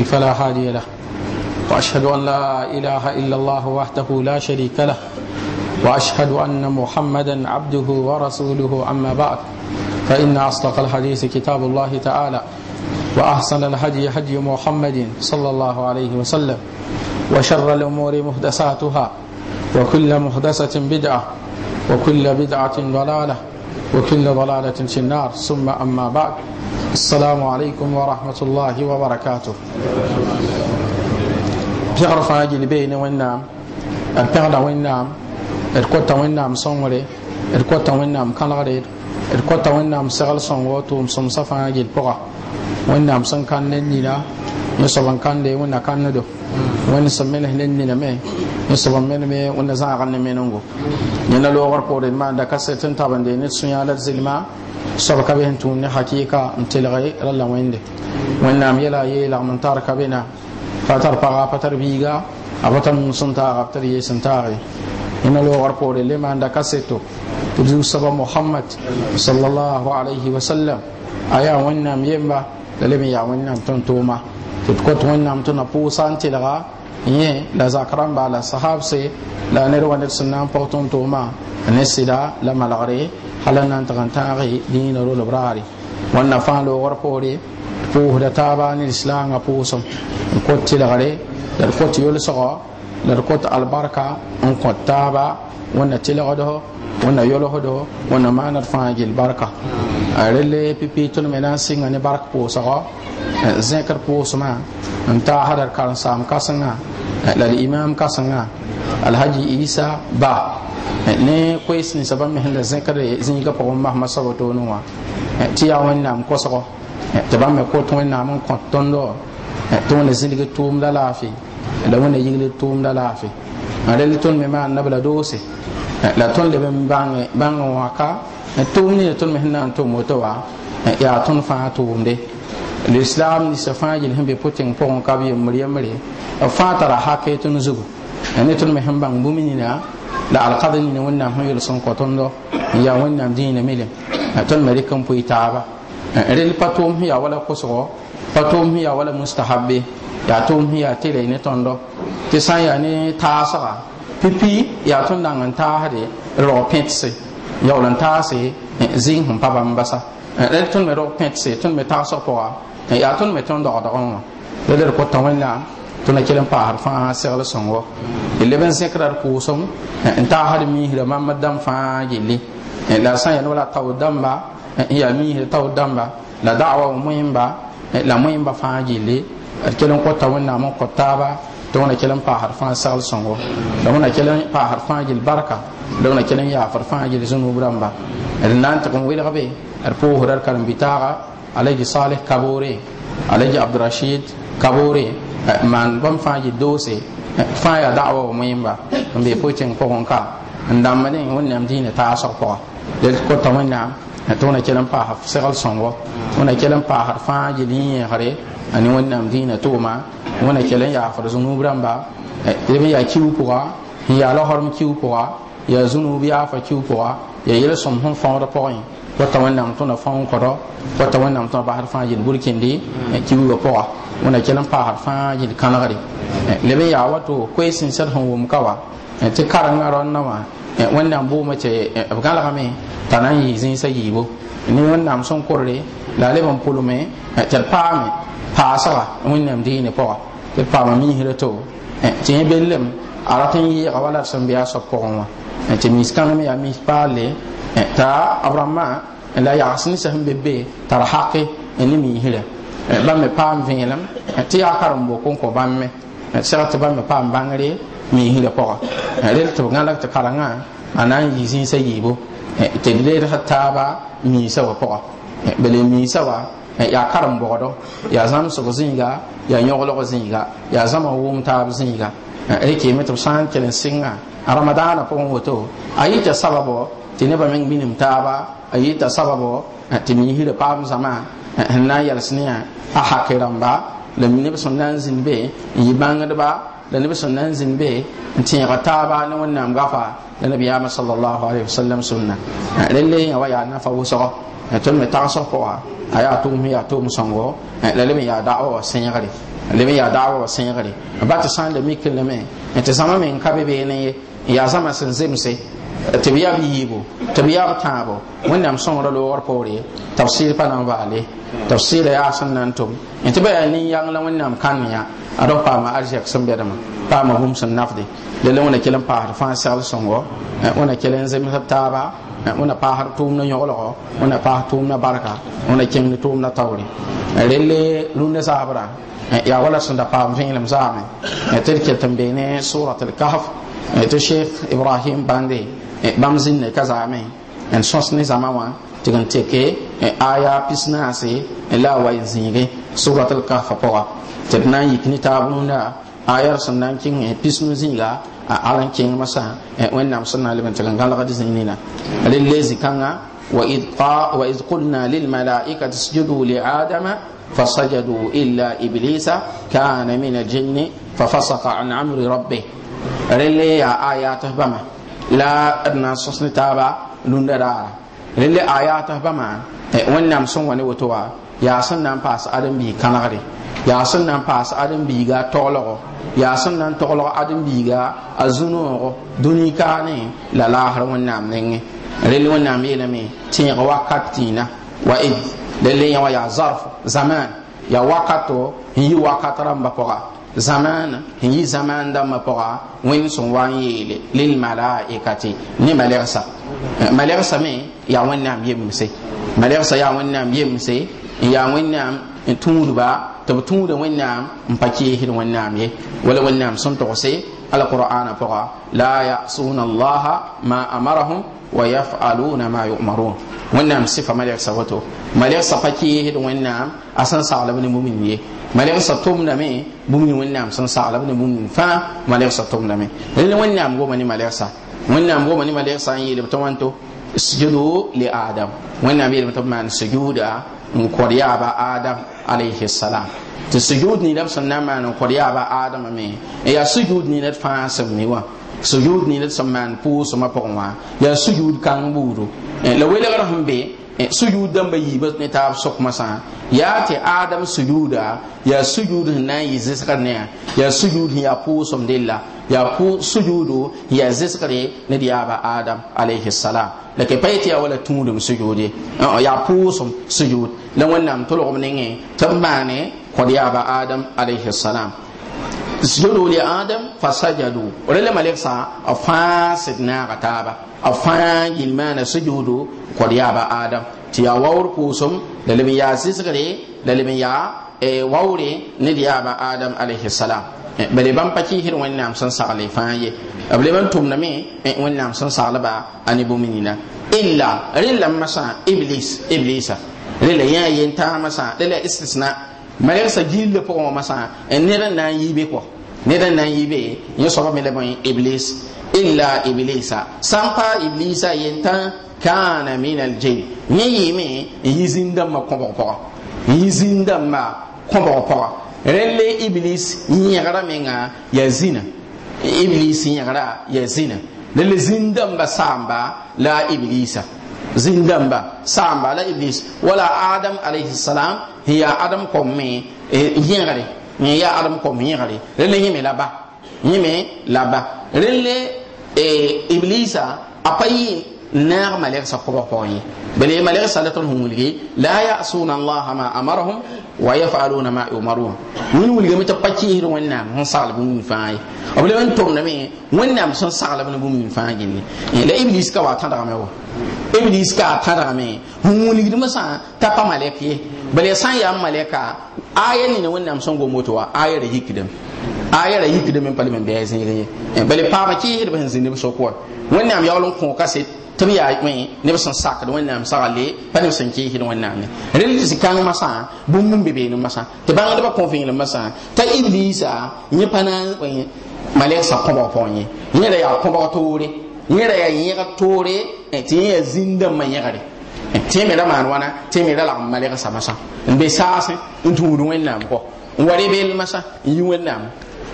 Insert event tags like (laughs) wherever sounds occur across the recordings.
يضلل فلا هادي له واشهد ان لا اله الا الله وحده لا شريك له واشهد ان محمدا عبده ورسوله اما بعد فان اصدق الحديث كتاب الله تعالى واحسن الهدي هدي محمد صلى الله عليه وسلم وشر الامور محدثاتها وكل محدثه بدعه وكل بدعه ضلاله وكل ضلالة في النار ثم أما بعد السلام عليكم ورحمة الله وبركاته تعرف هذه البين والنام البعد والنام الكوتا والنام صنوري الكوتا والنام كالغرير الكوتا والنام سغل صنواتو مصم صفا هذه البغة والنام سنكان نينا يصبن كان دي وينا كان ندو wani sẽn menes ne nina me ne sẽb n men me wẽnna zãagr ne menengo yẽna loogr poore d maanda kaset n tabende ned sũ-yã la d zelma soab ka bes n tũud ne hakɩɩka n telge rala wẽnde wẽnnaam yɛla a yala yi tar ka bena pa tar paga pa tar a fatar sun ta haftar yi sun ta yees yana lowar kore lima da le to kaseto tɩ muhammad sallallahu alaihi wasallam a yaa wẽnnaam yemba la leb n yaa wẽnnaam tõnd tʋʋma tɩ d kot wẽnnaam na pʋʋsa n telga yẽ la zak rãmba la sahabse la ned wa ned sẽn na n pʋg tʋm tʋʋmã ne sɩda la malgre hala na n tɩg n tãage dĩinã rolb raare wẽnna fãa loogr poore pʋʋsda taaba ne lislaangã pʋʋsem n kot tɩlgre la d kot yolsgɔ la albarka n kõ taaba wẽnna tɩlgdo wẽnna yolsdo wẽnna barka rel pipi tõnd me na n sɩnga ne bark pʋʋsgɔ e, pʋʋsmã n d karen-saam kãsengã e, la d kãsengã alhaji isa ba e, ne koes ninsã me la zĩigã pʋgẽ masma wã tɩ yaa wẽnnaam kosgɔ tɩ bãmb me wẽnnaam n tɩ wẽnna zĩlg laafɩ la wẽnna yigl d tʋʋmda laafɩ n rel tõnd me maan nab la doose la tõnd leb n bãng wãka tʋʋm nina tõnd me sẽn na n tʋm woto wa yaa tõnd fãa tʋʋmde lislaam ninsã fãa yel sẽn be pʋtẽng pʋgẽ kab yembre yembre fãa tara hake tõnd zugu ne tõnd me sẽn bãng bũmb nina la alkad nina wẽnnaam sẽn yʋls n kõ n yaa wẽnnaam dĩinã melem tõnd me rɩk n pʋɩ taaba rel pa tʋʋm sẽn yaa wala kʋsgɔ pa tʋʋm sẽn yaa wala mustahabe ya tʋʋm sẽn ya tɩ ne tondo ti san ya yaa ta sa pipi ya tõnd dãng an ta hade ro pẽtse ya ulan ta se eh, zin hum bãmb mbasa rel eh, tõnd me ro pẽtse tõnd me tagsg pʋga eh, ya tõnd me tõnd dogdgẽ wã la la d kota wẽnnaam tɩ na se ala songo fãa ben se d leb n en ta hade mi hira miisrã dam fa fãa gilli la sã n yaa ne wala tao ya mi hira taw damba dãmba la da'wa wã la muhimba fa gilli d kell kota wani n kõt taaba tɩ wẽna kell n paasd fãa sagl sõngo la wẽna kell n paasd fãa barka da wani kelen ya yaafd fãa zunu buran ba d er nan ta tɩg n wilgbe d er poosda d karen-bitaaga alaji salih kabore alaji abdurashid kaboore eh, maan bãmb fãa gill doose eh, fãa yaa da'wa wa mõemba n be poe tẽng pʋgẽ ka ndamane dãmb ne wẽnnaam diinã taasg pʋga la d kota wẽnnaam tɩ wẽna kell n paasa segl sõngo wẽna kell n paasd fãa yel yẽegre a ne wẽnnaam dĩinã tʋʋma wẽna kell n yaafd zũnuub rãmba leb eh, n yaa kiu pʋga n yaa kiu pʋga yaa zũnuub yaafa kiu pʋga yaa yel-sõm sẽn pʋgẽ wata wẽnnaam wata wẽnnaam basd fãa yel pʋga eh, wẽna kell n paasd fãa yel kãlgre eh, leb n yaa wato koes n sẽd sẽn wʋm ka wa tɩ karengã wã wẽnnaam boomã tɩ b me t'a na n yɩɩs zĩisã yiibo ne wẽnnaam sẽn kʋrre la a leb n pʋlme tɩ d paame paasga wẽnnaam diine pʋga tɩ d paama miisrã to tɩ yẽ bellem a rat n yɩɩga wala d sẽn be a soab pʋgẽ wã tɩ miis kãngame yaa miis paalle t'a b rãmbã la yags ninsã sẽn be be tar hake eh, ne miisrã eh, bãmb me paam vẽelem eh, tɩ yaa karen bok n kõ bãmb me segd tɩ bãmb me paam bãngre wiisrã pʋga rel tɩ b gãlag tɩ karengã a na n yɩ zĩisã yiibo tɩ d leedsg taaba bele wa yaa bɔgdɔ yaa zãmsg zĩiga yaa yõglg zĩiga yaa zãma wʋʋm taab zĩiga tɩ b sã n kell n sɩnga ramadaanã pʋgẽ woto a yɩta sababɔ tɩ nebã meng binim taaba a yɩta sababɔ tɩ miisrã paam zãma sẽn na n a hake rãmba la neb sẽn na n be la neb sẽn na n zĩnd be n tẽega taaba ne wẽnnaam gafa la nabiyaamã sallallahu alaihi wasallam sũnna rẽnd yã wa yaa nafa wʋsgɔ tõnd me tagsg pʋga a yaa tʋʋm sẽn yaa tʋʋm sõngo la leb n yaa da'wa wa sẽegre leb n yaa da'wa wa sẽegre ba tɩ sã n da mikr lame tɩ zãma me n ka be beene ye ya zãma sẽn zemse tɩ b bi yiibu tɩ b yab tãabo wẽnnaam sõgra loogr poore tɩ b sɩɩr pa na n vaale tɩ b sɩɩra yaa sẽn na n tʋm n tɩ ba yaa nin-yãng la wẽnnaam kãnd yã a dog paama arzɛk sẽn bɛdma paama bũmb sẽn nafde lala wẽna kell n paasd fãa segl sõngo wẽna kell n zemsd taaba wẽna paasd tʋʋmdã yõglgɔ wẽna paasd tʋʋmdã barka tum na tʋʋmdã taoore rel rũndã zaabrã Ya wala sẽn da pa vẽelem zaame tɩ d ket n be ne sʋrat l kahf tɩ sheikh ibrahim bãnde bãmb zĩnd ne ka zaame n sõs ne zãma wã tɩg teke aya pisnaase la a wa n zĩige surat alkahfa pʋga tɩ d na n yik ne taab rũndã aya sẽn na n kẽng pisnu zĩiga a ala n kẽng masã wẽnnaam sẽn na n leb n tɩg n gãlgd zĩig nina rel le zĩ-kãngã وإذ قلنا للملائكة اسجدوا لآدم فسجدوا إلا إبليس كان من الجن ففسق عن أمر ربه rele ya ayata bama la d na taba sõs ne taaba lũndã raara rẽl ayatf bãmba e, wẽnnaam sẽn wa ne woto wa yaa ya na n paas ãdem ga tolo ya sẽn tolo n paas ga biiga toglgo yaa sẽn na n toglg ãdem-biiga a zũ-noogo dũni kaane la laasr wẽnnaam nengẽ rel wẽnnaam wa id rel ya wa ya zarf zaman ya wakato hi yi mbakora zamaana n yi zamaan dãmbã pʋga wẽnd sẽn wa n yeele lil malaikati ne malɛgsa malɛgsa me yaa wẽnnaam yembse malɛgsa yaa wẽnnaam yembse n yaa wẽnnaam n tũudba tɩ b tũuda wẽnnaam n pa keesd wẽnnaam ye wala wẽnnaam sẽn togse القرآن فقا لا يعصون الله ما أمرهم ويفعلون ما يؤمرون wannan sifa malek sa wato malek sa faki hid wannan asan sa alabni mumin ye malek sa tumna me mumin wannan san sa alabni mumin fa malek sa tumna me lin wannan goma ni malek wannan goma ni malek yi wannan n kɔr yaaba adam alayhi salam tɩ sujud ni b e sẽn na n maan n kɔr yaaba me n yaa sujud d fãasem me wã sujud d sẽn maan pʋgẽ wã yaa sujud kãng e, la welgr sẽn be Eh, sujud dãmbã bas ne taab sok masa ya tɩ adam sujuda ya sujud na n yɩ zɩsgr neã yaa sujud sẽn yaa pʋʋsem ya yaa sujudu ya yaa zɩsgre ne diya ba adam alayhi salam da ke pa yetɩ yaa wala tũudum sujude oh, yaa pʋʋsem sujud la wẽnnaam tolgm ne tɩ b maane kõd yaaba adam alayhi salam اسجدوا لآدم فسجدوا ولله ملك سا أفان سدنا غتابا أفان جلمان سجودوا قد يابا آدم تيا وور كوسم للم يا سيسغري للم يا ni ندي يابا آدم عليه salam. bale ban pa kɩɩsd wani sẽn sagle fãa ye b le bãn tʋmdame wani sẽn saglba a ne bũmb nina illa rẽ lame masã iblis iblisa rẽ la yã ta taamã sã istisna mayar sa gil le pʋgẽ wã masã n ned n na n yiibe kɔ ned n na n yiibe yẽ soaba me la iblis illa iblisa sampa iblisa iblisa yentã kana min aljin ni yi n yi zĩn-dãmbã kõbg pʋga n yi zĩn-dãmbã kõbg pʋga rẽnd le iblis yẽgra menga ya zina. iblis yẽgra ya zina. la le zĩn-dãmbã saamba la iblisa zĩn dama saamba la iblis wala adam alayhi salam ya adam Kɔm mi yingare ni ya adam kom yingare eh, le ni mi laba ni mi laba le le eh, iblisa apayi nar malere sa ko pooyi bele malere sa la ton humuli la ya asuna allah ma amarhum wa ya yafaluna ma yumarun ni humuli mi ta pati hir na mon sal bu min faayi o bele won tom na mi wonna mo son sal bu min faayi ni eh, le iblis ka wa tanda ma wa, iblis ka a tanda ma humuli di ma sa ta pa yi. bale san ya maleka aya ni ne wannan san go moto wa aya da hikidam aya da hikidam en palmen be bale pa ba ki da ban zini so ko wannan ya walon ko kase tabi ya yi ne san saka da wannan sagale pan san ki hin wannan ne rilti su kan masa bun mun bebe ne masa te ban da ba kon fin masa ta iblisa ni pana eh, maleka sa ko ba fonye ni da ya ko ba tore ni da ya yi ka tore eh, ti ya zinda man gare tɩ me ra maan wãna tɩ me ra lagm malgsa masã n be saasẽ n tũud wẽnnaam kɔ n wa rebel masã n yi wẽnnaam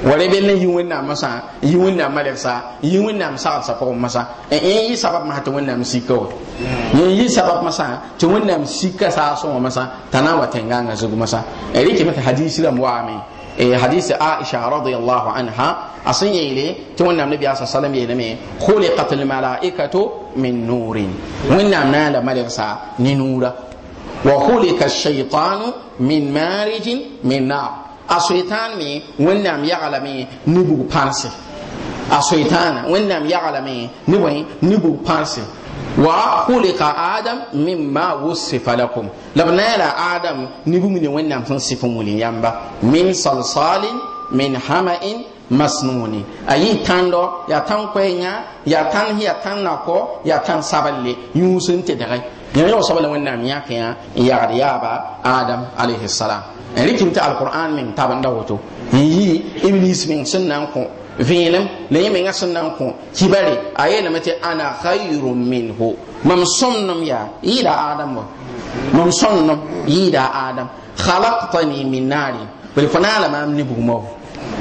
wa rebel n yi wẽnnaam masã n yi wẽnnaam malgsa n yi wẽnnaam saglsã pʋgẽ masã n yɩ sabab masã tɩ wẽnnaam sika wa yẽ yɩ sabab masã tɩ wẽnnaam sika saasẽ wã masã t'a na n wa tẽngãngã zug masã rɩkame tɩ hadiis rãmb waame إيه، حديث عائشة رضي الله عنها أصين يلي تون نام النبي صلى الله عليه وسلم خلقت الملائكة من نور وين نام نال نورا وخلق الشيطان من مارج من نار الشيطان مي وين يعلم نبو بانسي الشيطان وين يعلم نبو نبو بانسي wa khuliqa adam mimma wusifa lakum labnala adam nibum ne wannan sun sifu yamba min salsalin min hama'in masnuni ayi tando ya tan kwenya ya tan hiya tan nako ya tan saballe yusun te dai ya yo sabala wannan ya kan ya ya ba adam alaihi salam rikin ta alquran min tabanda wato yi iblis min sunnan ko vẽenem la yẽ mengã sẽn na n kõ kibare a yeelame tɩ ana khayru minhu mam sõmdem yaa yɩɩda adam wa mam sõmdem yɩɩda adam khalaqtani min naarin bl fo naala maam ne bugma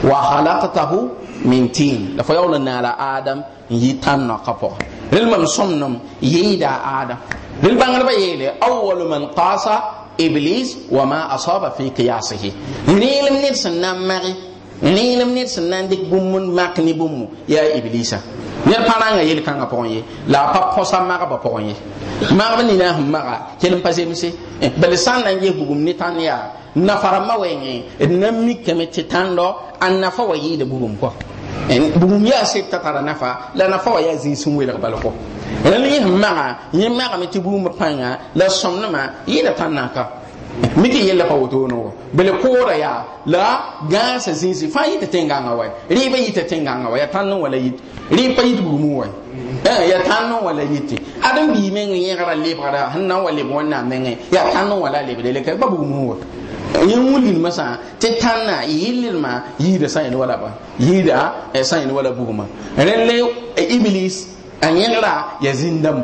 wa khalaqtahu min tin la fo yaool n naala adam n yɩ tãn noaka pʋga rel mam sõmdem yɩɩda adam rel bãngdbã yeele awalu man qaasa iblis wa ma asaba fi qiyasihi rẽelem ned sẽn na n mage rẽelem ned sẽn na n dɩk bũmb mak ne bũmb yaa iblisa ned pa rãngã yel-kãngã pʋgẽ ye la a pa kõsa magba pʋgẽ ye magb nina sẽn maga kell n pa zemse bal sã n na n ges bugum ne tãnd yaa nafa rãmbã wɛɛngẽ d na n mikame tɩ tãndɔ a nafa wa yɩɩla bugum kɔ bugum yaa sebta tara nafa la nafa wa yaa zĩig sẽn welg bal kɔ rẽ ne sẽn maga yẽ magame tɩ bũumb pãngã la sõmdmã yɩɩla tãnd na n ka miti yella pa woto no bele kora ya la gansa zinzi fa ta tenga nga wai riba ta tenga nga wai ya tanno wala yi riba yit gumu wai eh ya tanno wala ti adam bi men ngi ngara le bara hanna wala wani na men ya tanno wala le bele ka babu mu wai yin wulin masa ta tanna yillin ma yi da sayin wala ba yi da eh, sayin wala buguma ren le eh, iblis eh, an ya zindan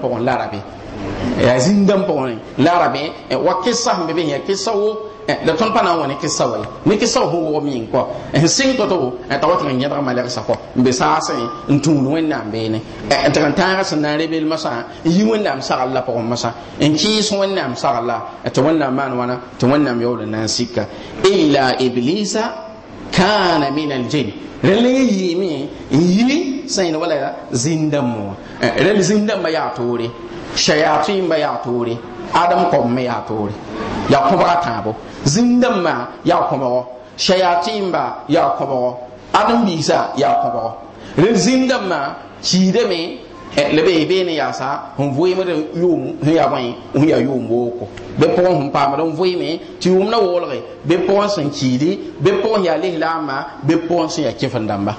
ya zindan pɔgɔni larabe eh, wa kisa bɛ bɛ yen kisa wo da eh, tõnd pa wani n wa eh, ne kisa wa ye ne kisa wa fõn wog miin kɔ n sɩng to-to wo t'a wa tɩg n yẽdg malgsa kɔ n be saasẽ n tũud wẽnnaam beene n tɩg n tãag sẽn na n rebel masã n yi wẽnnaam sagl la pʋgẽ masã n kɩɩs wẽnnaam sagla tɩ wẽnnaam maan wãna tɩ wẽnnaam yaool n na n sika illa iblisa kana min aljin rẽl n yiime n yɩ sẽn wala zĩn-dãmbẽ wã rẽl zĩn-dãmbã yaa shayatin ba ya tore adam kom me ya tore ya kuma ka ta bo zindan ma ya kuma wo shayatin ba ya kuma wo adam bisa ya kuma wo rin zindan ma shi de me eh, le be be ne ya sa hun voye me yum hun ya wan hun ya yum bo ko be po hun pa ma don voye me ti um na wo le be po san kidi be po ya le la ma be po san ya kifan damba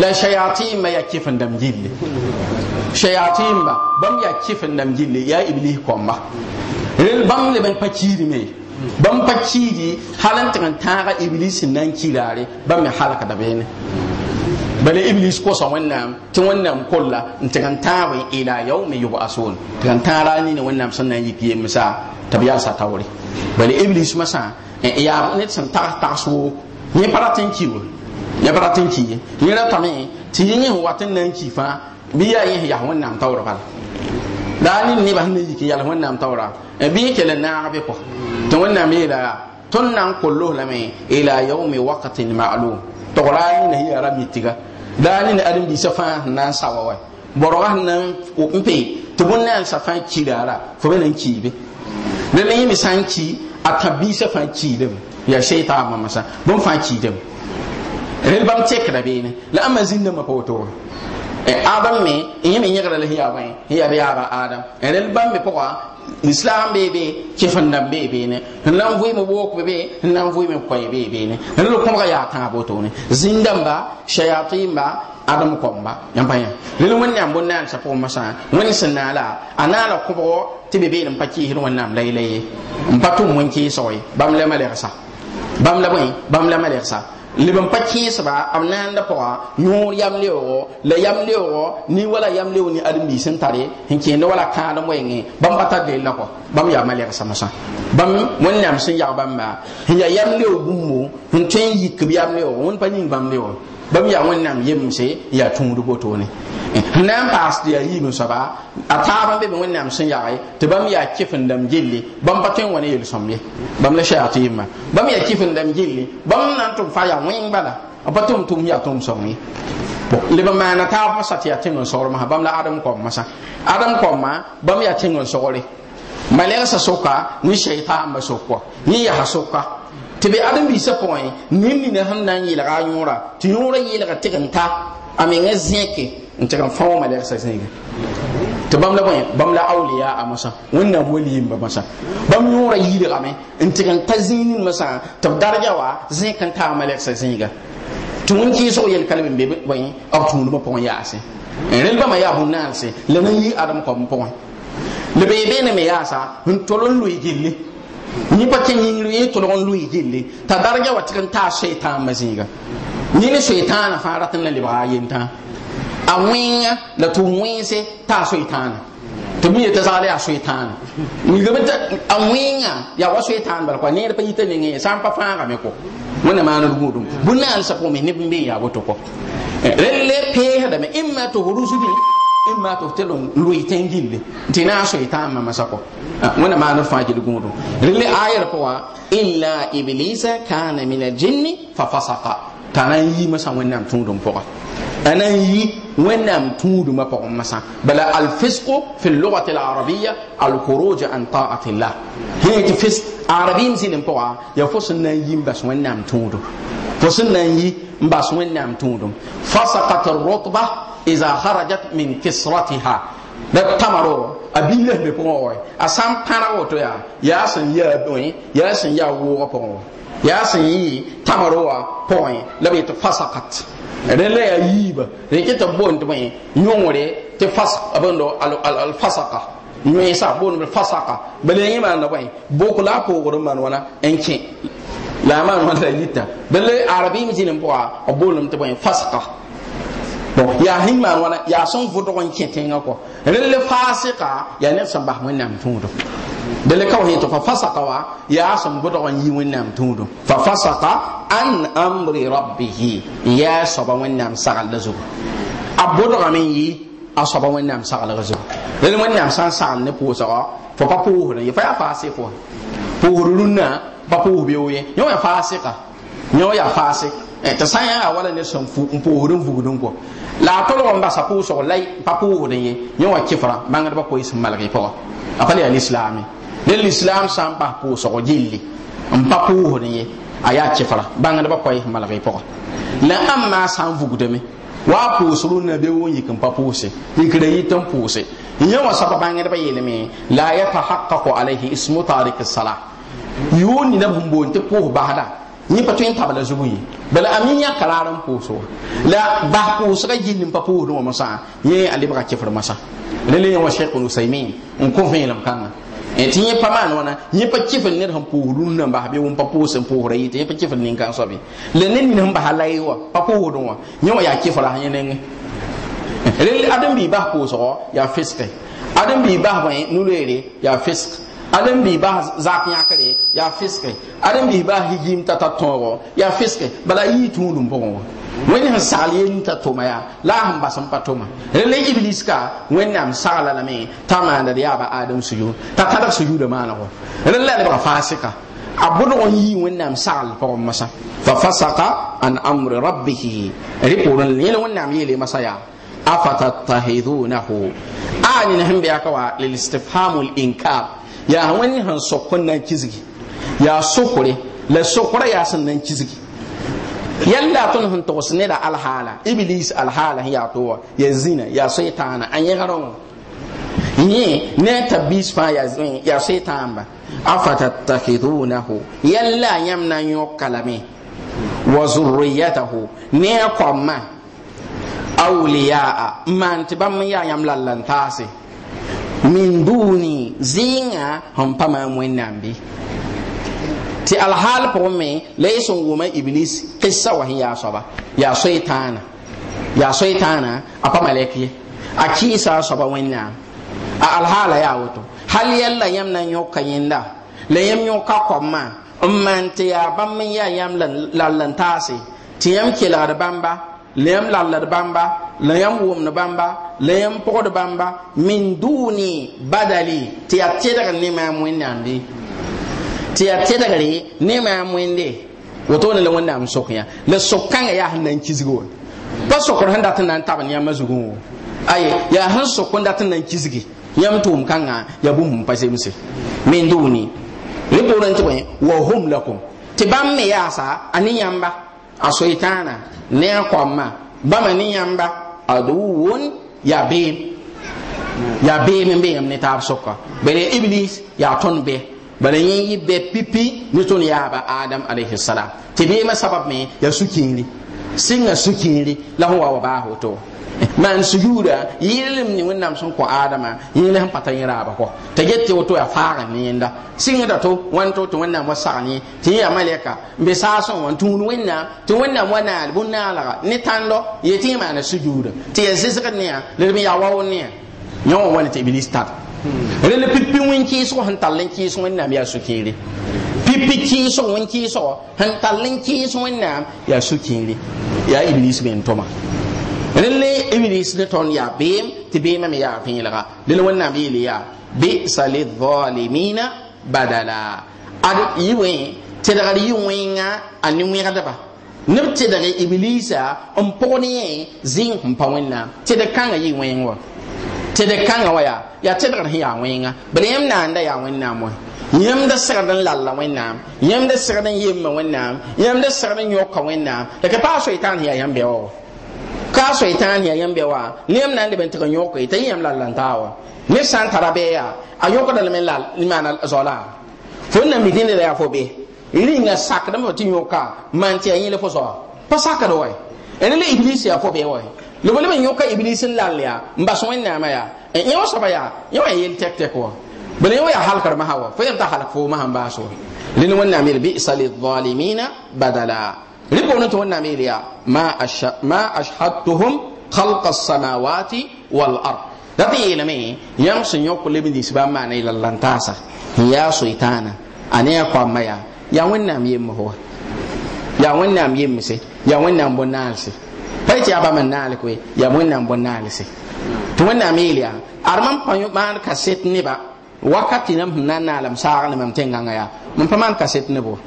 la shayatin ma ya kifan dam jilli shayatin ba bam ya kifin nam gille ya ibli iblis ma ril bam le ban pakiri me bam pakiri halan tan tara iblis nan kirare bam ya halaka da bene bale iblis ko sa wannan tin wannan kulla tan tawe ila yawmi yub'asun tan tara ni ne wannan sunan yi fiye misa tabiya sa tawri bale iblis masa e, e, ya ne san ta ta so ne paratin kiwo ne paratin kiye ne ratame ti yin watin nan kifa ya yaa yẽs yas wẽnnaam taoor bala daa nin nebã sẽn na yik n yals wẽnnaam taoora bɩ yẽ kell n naag be pʋa tɩ wẽnnaam yeela tõnd na kullu kollos lame ila yaumi wakatin ma'lum tog raa nina sẽn yaa ra mitiga daa nina adem-biisã fãa sẽn na n sawa wa borga sẽn na n pe tɩ bõn na n sa fãa ki raara fo me na n kiibe dẽnd yẽ me sã ki a tã biisã fãa kiidame yaa seitaan mamã sã bõn fãa kiidame rel bãmb tekda beene la ãmba zĩndame pa woto E, adam me yẽ me yẽgra la yaa bõe ya b yaaba adam rel bãmb me pʋga islam beebe kɩ fẽndam beebeene n na n vɩɩme wook bebe n na n vɩɩme koɛ beebeene rel kõbga yaa tãag wotone zĩndãmba shayatɩɩmba adam kɔmba yãn pa yã rel wẽnnaam bõn-naan sã pʋgẽ masã wẽnd sẽn a naala kõbgo tɩ be beene n pa kɩɩsd wẽnnaam la ye n pa tʋm wẽn-kɩɩsg ye bãmb sa. Bam bãmb la bõe bãmb lebn pa kẽesba b naanda pʋga yõor yam leoogo la yam leoogo ni wala yam leo ne adem-biig tare n kẽende wala kãadem wɛɛngẽ bãmb pa tar della kɔ bãmb yaa sama san. Ban wẽnnaam sẽn sun bãmba n yaa yam leo bũmbo n yi n yikb yam leoogo wẽnd pa ning bãmb bam ya wẽnnaam yemse ya tundu botone ne. na n paas yi yaa yiim a taab n be be wẽnnaam sẽn yage tɩ bãmb yaa kɩfendam gilli bãmb pa tõe n wa ne yel-sõm ye bãmb la shayaat yɩmba bãmb yaa kɩfendam gilli bãmb na n tʋm fa ya wẽng bala n pa tʋm tʋm yaa tʋm sõng ye leb n maana taab masã tɩ ma tẽng n sogr masã bãmb la adem kom masã adem kɔmma bãmb yaa tẽng n soka ne sheitaan ba sokɔ ne yaha soka tɩ be bi n biisã pʋgẽ nin nina sẽn na n yɩlga a yõora tɩ yõorã yɩlga tɩg n ta a mengã zẽke n tɩg n fã wã malɛgsa zĩiga tɩ bãmb la bõe bãmb la aoliya a masã wẽnnaam waliyĩmba masã bãmb yõorã yɩlgame n tɩg n ta zĩig nin masã tɩ b darga wa zẽk n ta a malɛgsa zĩiga tɩ wẽn kɩɩsg yel-kalem n be bõe b tũudmã pʋgẽ yaase eh, rel bãmba yaa bũn-naalse la nan yi adam kɔm pʋgẽ la bee beene me yaasa n tol n loe gilli ni pa kin yingri yi tolgon lui gilli ta darga wa tikan ta shaytan maziga ni ni shaytan na ratin la libra yinta a winga la tu winse ta shaytan to mi ta sale a shaytan ni ga mata awin ya wa shaytan bar ko ni da yita ne ne san pa fa ga me ko wona ma na rubu dum bunna al sapo me ne bin be ya goto ko relle eh, pe da me imma to hurusu bi in ma to telon loyi tengille tina shaitan ma masako wana ma na faji gundo rille ayar pawa illa iblisa kana min aljinni fa fasaqa tanan yi masa wannan tundun pawa anan yi wannan tundun ma pawa masa bala alfisqu fi al-lughati al-arabiyya al-khuruj an ta'ati Allah hiya fisq arabin sinin pawa ya fusunnan yi bas wannan tundun fusunnan yi bas wannan tundun fasaqat ar-rutbah iza kharajat min kisratiha da tamaro abilla me ko oy san tara woto ya ya san ya boy ya san ya wo ko ya san yi tamaro wa point la be to fasakat le ya ba re ke ta bon to me nyongore te fas abando al al fasaka nyoy sa bon be fasaka bele yi ma na bai boku la ko goro man wana enke la man wana lita bele arabi mi jinin bo a bolum to bai fasaka bon ya hima wana ya son vuto kon kitenga ko rele fasika ya ne san bah mun nam tundo dele le hin to fa fasaka wa ya san vuto kon yi mun nam tundo fa fasaka an amri rabbih ya saba mun nam sagal da zuba abodo min yi a saba mun nam sagal da zuba rele mun nam san san ne po sa fa pa po ne fa ya fasiko po ruluna pa po be oye yo ya fasika yo ya fasika ta san ya wala ne san fu po run fu ko la tolo ba basa pou so lai pa pu de ye wa kifra banga ba ko isma la ripo akali al islam ne islam sam pa pou so jilli am pa pu de ye aya kifra banga ba ko isma la ripo la amma sam vugu de me wa pʋʋsru nabe wʋn yi n pa pʋʋse yikra yit n wa yẽ wã soab bãngdbã me la ya tahaqqaqu alayhi ismu tarik sala yʋʋn ni na bumbo te pou bahada ni pa tõe tabala tabla zugu bala Amin mi yã karaar n la bas pʋʋsga yill n pa pʋʋsd wã mosã a lebga kɩfr masã rẽl yẽ wã shɛk lusaimin n kõ vẽelem kãnga e tɩ yẽ pa maan wãna yẽ pa kɩfr ned sẽn pʋʋs rũndã bas bɩ wẽn pa pʋʋs n pʋʋsra yɩ tɩ pa kɩfr nin-kãng soabe nin sẽn basa la ye wã pa ya wã yẽ ne. ya Adam ba ya adam bi ba zak yakre ya fiske adam bi ba higim ta toro ya fiske bala yi tulum bongo wani han saliyin ta toma ya la han basan patoma rele iblis ka wani am sala la me tamanda ya ba adam suju ta tada suju da mana ko rele ne ba fasika abudu on yi wani am sal pa masa fa fasaka an amri rabbih ripurun yele wani am yele masa ya afatattahidunahu ani nahmbi akawa lil istifhamul inkar ya wani han sok n na n la sokra ya san na kizgi yalla tõnd sẽn togs da alhala iblis alhala ya to ya zina, ya zĩna an yi a ni ne ta bis fa ya soɩtãamba afatattakidunahu yalla afata takidunahu na yamna yõka wa zurriyatahu ne a ma awliya n maan ya bãmb min duni zinga hon pama wẽnnaam be Ti alhaal pʋgẽ me la y iblis qissa wa hiya saba ya shaytana ya shaytana apa a pa malɛk ye a a soaba wẽnnaam a woto hal yalla yamna na yenda le la nyoka ko ma n ti ya yaa bãmb n yaa yãmb la Ti yam tɩ yãmb la yãmb lalld bãmba la yãmb wʋmd bãmba la yãmb pʋgd bãmba min duuni badali tɩ yaa tɩdg ne maam wẽnnaamde tɩ yaa tɩdgre ne maam wẽnde wotone la wẽnnaam sok yã la sok-kãngã yaa sẽn na n kisg wa pa sokr sẽn dat n na n tabn yãmbã zugẽ wo aye yaa sẽn sok n dat n na n kisge yãmb tʋʋm kãngã yaa bũmb pa zemse min duuni rẽ pʋgrẽ tɩ bõe wa hum lakum tɩ bãmb me yaasa a ne yãmba a soitana ne a ba bama ne yãmba aduwun ya beem ya beem n beem ne taab sʋka bala iblis ya tõnd be bala yẽ yi bɛ pipi ne ya ba adam alayhi salam tɩ ma sabab me ya su kĩiri sin ka su la lahu wa wa baas hoto. (laughs) man sujuda yilim ni wannan sun ko adama yilim han patan ta ba raaba kɔ t'a get tɩ woto yaa fara neenda sɩngda to wãn to tɩ wẽnnaam wa sagn ye ni. yẽ yaa malɛka n be sa son wa n wannan wẽnnaam wannan wẽnnaam albunna naal ni tando yeti ma na sujuda ti ya sujuuda tɩ yaa zɩsgd neã ya wawo ni ya waood wani ta iblis ta ne hmm. le pipi wẽn ki so han n ki so wannan ya kẽere pipi kɩɩsg wẽn kɩɩsgɔ so han n ki so wannan Ya kẽere ya iblis be ntoma. rille iblis ne ton ya beem ti beema me ya fiilga dil wannan biili ya bi salil zalimina badala ad yiwe tedgar yi wenga ani wẽgdba neb tedg iblisa n pʋg ne yẽ zĩng n pa wẽnnaam tɩd kãngã yɩ wẽng wa tɩd kãngã wa yaa yaa tedgr sẽn yaa wẽnga bd yãmb naanda yaa wẽnnaam mo yãmda segd n lalla wẽnnaam yãmda segd n yemma wẽnnaam yãmda segd n yõka wẽnnaam la ka paa soɩtãan sẽn yaa yãmb bɩa wa wa ka shaitan ya yambe wa nem nan de bentaka nyoko ita yam la lantawa ne san tarabeya ayoko dal men la limana zola fonna mi dinde ya fobe ringa sakda mo ti nyoka man ti yele fo so pa sakada wa ene le iblis ya fobe wa le bole men nyoka iblis la ya mba so wenna ma ya en yawa so ba ya yawa e yel tɛk tɛk wa bele yawa halkar ma hawa fa yam ta halak fo ma han ba so lin wannan mil bi salid badala rɩpʋʋnẽ tɩ wẽnnaam yeel yaa ma ashhadtuhum halka samawati walard dat n yeelame yãmb sẽn yõk leb nins bãmb maana yɩla lantaasa n yaa soɩtãana a ne ya koamma yaa yaa wẽnnaam yemms wa yaa wẽnnaam yemse yaa wẽnnaam bõn-naalse pa tɩ yaa bãmb n naalk we yaa wẽnnaam bõn-naalse tɩ wẽnnaam yeel yaa ad mam pa maan kaset neba wakati nam sẽn na n naalame saag ne mam tẽngãngã yaa mam pa maan kaset nebo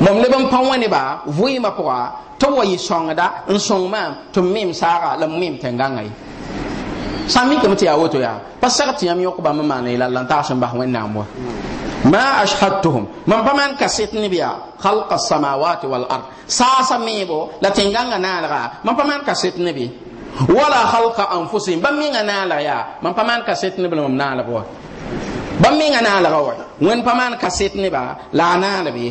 mam leb n pa wẽneba vɩɩmã pʋga tɩ wa yɩ sõngda n sõng maam tɩ m mem saaga la m mem tẽngãngã ye sã n mikame tɩ yaa woto yaa pa seg tɩ yãmb yõkba me maana yela la n taas n bas wẽnnaam wa ma ashhadtuhum mam pa maan kaset neb yaa halka samawati walard saasa meebo la tẽngãngã naanega mam pa maan kaset neb ye wala halka anfusihim bãmb mingã naalg yaa mam pa maan kaset neb la mam naalg wa bãmb mingã naalga wa wẽnd pa maan kaset neba la a naalb ye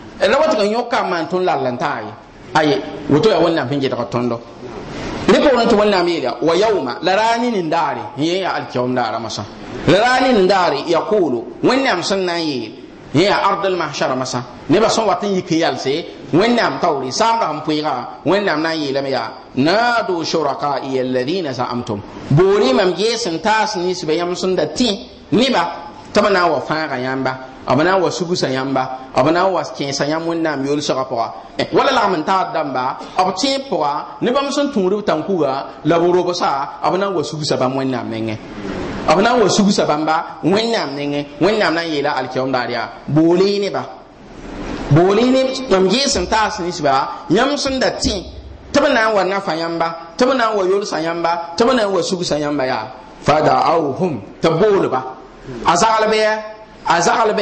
la wat kan yõka maan tõnd lallantaa ye aye woto ya wẽnnaam sẽn gɩdg tõndo ne pʋgrẽ tɩ wẽnnaam yeela wa yauma la raa ne nindaare n ya yaa alkiom daara masã la raa ne nindaare yakuulu wẽnnaam sẽn na n yeel yẽ yaa ardl mahsara masã nebã sẽn wat n yik n yalse wẽnnaam taoore saamda n pʋɩɩga wẽnnaam na n yeelame yaa naado shuraka'i alladina za'amtum bori mam gees n taas ninsba yãmb sẽn da tẽ neba tɩ b na n wa fãaga yãmba b na n wa sugusa yãmba b na n wa kẽesa yãmb wẽnnaam yoolsgã pʋga eh, wala lagm n taad dãmba b tẽen pʋga ne bãmb sẽn tũudi b tãng kuga la b robsa b na n wa sugusa bãmb wẽnnaam mengẽ b na n wa sugusa bãmba wẽnnaam nengẽ wẽnnaam na n yeela alkiomdaad yaa boolee ne ba boolee ne yãmb gɩɩs n taas ninsba yãmb sẽn da tẽ tɩ b na n wa nafã yãmba tɩ b na n wa yolsã yãmba tɩ b na n wa sugsã yãmba yaa fa da'auhum tɩ b boolba a zagl bɩɛ a zagl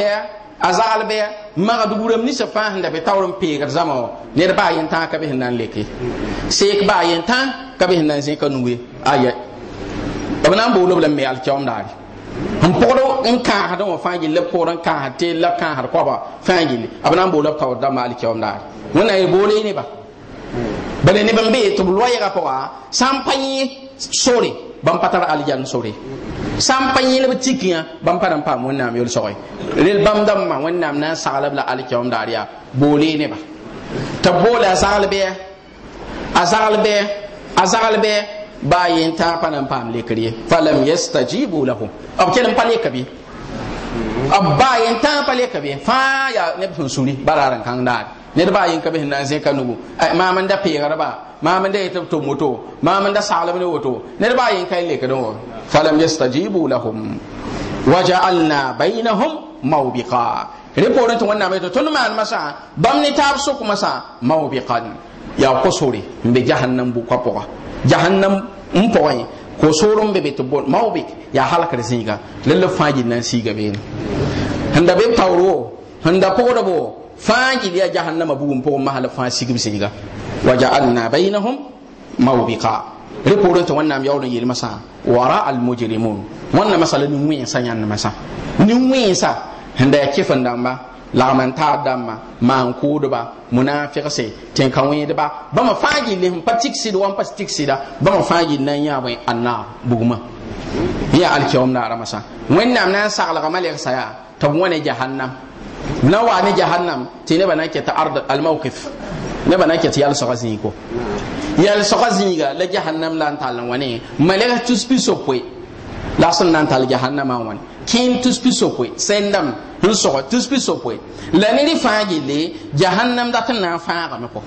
a zagl bɩɛ be taoor n zãma wã ned baa ka be sẽn leke seek baa ka be sẽn aya b na n boolo b la n me n pʋgd n kãasd wã fãa b pʋgd n kãasd teel la kãasd fãa gilli b na n b taoor dãmba e boole y neba bala neb n bee tɩ b loɛɛgã pʋga pa sore ban patara aljan sore san lebih yẽlb tikiã bãmb pa nan paam wẽnnaam yol-soge rel bãmb dãmbã wẽnnaam na n saglb la alkɛoom daar yaa ne ba ta b boole a zagl bɩɛ a zagl bɩɛ a zagl bɩɛ baa yen tã pa falam yastajibu lahu b kell n pa leka be b baa yen tã pa leka be fãa yaa neb sẽn ba nedba ayi ka bihin nan zeka nugu ma man da pegara ba ma man da yata to moto ma man da salam ne woto nedba ayin kai le kadon falam yastajibu lahum waja'alna bainahum mawbiqa report to wannan mai to tun ma masa bam ta tab su kuma sa mawbiqan ya kusuri be jahannam bu kwapo jahannam mpoi ko sorum be be to mawbiq ya halakar singa lalle fajin nan siga bai be handa be tawro handa pogoro bo fãa n yɩl yaa jahannama buum pʋgẽ masla fãa sigb-sɩɩga wa jaalna bainahum mawbiqa rẽ poorẽ tɩ wẽnnaam yaool n yeelmã wara almujrimun wẽnna masala nin-wẽensã yãnnemã sã nin-wẽensa sẽn da yaa kɩfen dãmba lagm n taab dãmba maan koodba munafɩgse tɩ n ka wẽedba bãmb fãa yɩl sẽn pa tik sɩd wa n pa tik sɩda bãmb fãa yɩl na n yãa bõe annaar bugumã yẽ yaa alkiaom naarãmã sã wẽnnaam na n saglga malɛgsa yaa tɩ b wẽne jahannam na wa ni jahannam ti ne bana ke ta ard al mawqif ne bana ke ti yal so gazin ko yal so gazin ga la jahannam lan talan wane malaka tuspi so poi la sun nan tal jahannama wan kin tuspi so poi sendam hun so tuspi so poi la ni ri fa le jahannam da tan na fa ga ko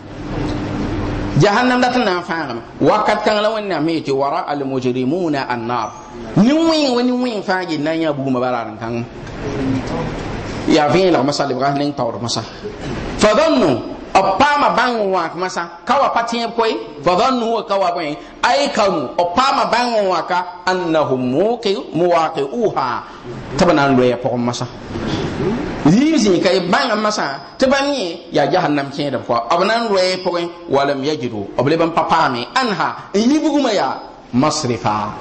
jahannam da tan na fa ga wakat kan la wani me ti wara al mujrimuna an nar ni wi wani wi fa gi nan ya bu bararan kan ya vẽelg masã lebga sẽn ning paoor masã fa dhannu b paama bãng n wãk masã ka wa e pa tẽeb koe fa dhannu wa ka wa bõe ay kanu b paama bãng n wãka annahu muwaqi'uha tɩ b na n loɛɛ pʋgẽ masã liib zĩika y e bãngã masã tɩ bãmb yẽ yaa jahannam kẽedb pʋa b na n loɛɛ pʋgẽ walam yajidu b leb n pa paame anha n e yibgumã yaa masrifa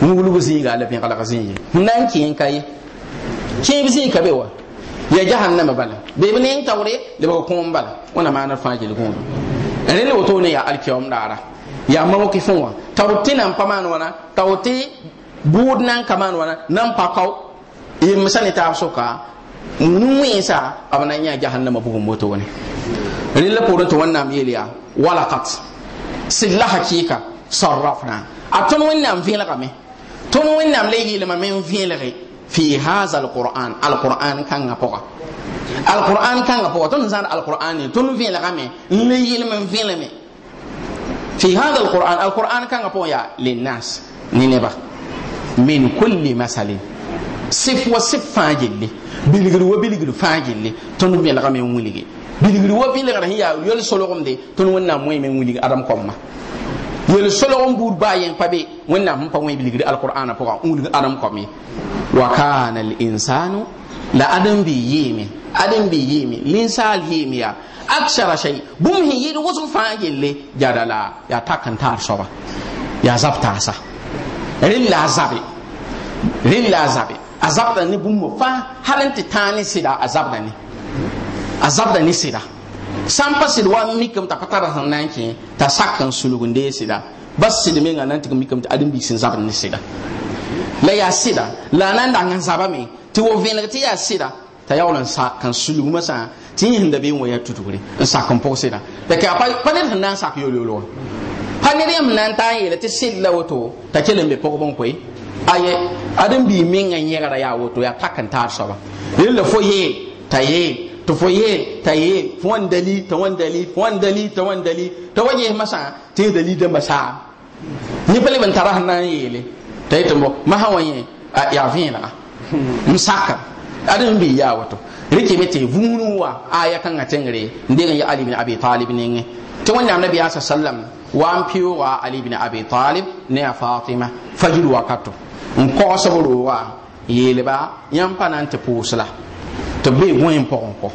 wulg zĩiga la vẽglg zĩige n na n kẽ n ka ye kẽeb zĩika be wa ya jahannama bala be bi ne ning tawre le ba ko mbal ona mana fajil ko ene ne wato ne ya alkiyom dara ya ma ko funwa tawti nan paman wana tawti bud nan kaman wana nan pa pakaw e eh, misani ta soka nuwisa abana nya jahannama bu moto wani ene la podo to wannan yeliya walaqat silla hakika sarrafna atun wannan ka kame tun wannan le yilma men fi'la fi hazal alquran alquran kanga poka alquran kanga poka ton san alquran ton fi la game le yilme fi leme fi quran alquran alquran kanga poya linnas ni ba. min kulli masalin sif wa sif fajilli biligri wa biligri fajilli ton fi la game wuligi biligri wa biligri ya yol sologum de ton wonna moy men wuligi adam komma yel solg n buud baa yen pa be wẽnnaam sẽn pa wẽ bilgd alqurana pʋgã ũudg adam kɔme wa kana linsanu la adam bɩ yeeme adam bɩ yeeme linsaal yeeme yaa aksara shay bũmb sẽn yɩɩd wʋsg fãa yelle jadala la yaa tak n taar soaba yaa zab taasa rẽn la a zabe la a zabe a zabda ne bũmb fãa hal n tɩ tãag ne sɩda a zabda ne a zabda ne sɩda San pa sɩd wa mikame t'a pa tara sẽn na n kẽ t'a sak n sulg sida. sɩda bas sɩd menga na n tɩg mikame tɩ adem-biig sẽn zabd ne sɩda la yaa sɩda la a na n dang n zabame tɩ wa vẽneg tɩ yaa sɩda t'a yaool n sak n sulgmã sã tɩ yẽsẽnda bee n wa yaa tutugre n sak n pʋg sɩda la kɛ pa ned sẽn na n sak yool-yool wa pa ned yãmb na n ta n yeele tɩ sɩd la woto t'a kell n be pʋgb n koe aye adem-biig menga yẽgra yaa woto yaa tak n taar soaba yẽl la fo yee t'a yee tɩ fo t'a yeel fo wan dali t'a wan dali fo wan dali t'a wan dali t'a hmm. wa yẽesmã sã tɩ yẽ dali da saam ni pa leb n tara na n t'a yi mo ma sã wa yẽ yaa vẽenega n saka b'i n bɩ vunuwa, woto rɩkɩme tɩ vũunum wa aya kãngã tẽngre n deg n ya ali bn abi talib nengẽ tɩ wẽnnaam wa n pɩooga ali bn abi talib ne a fatima fajr wakato n kogsg rooga yeelba yãmb ba yan n tɩ tɩ b bee bõe n pʋgẽ kɔ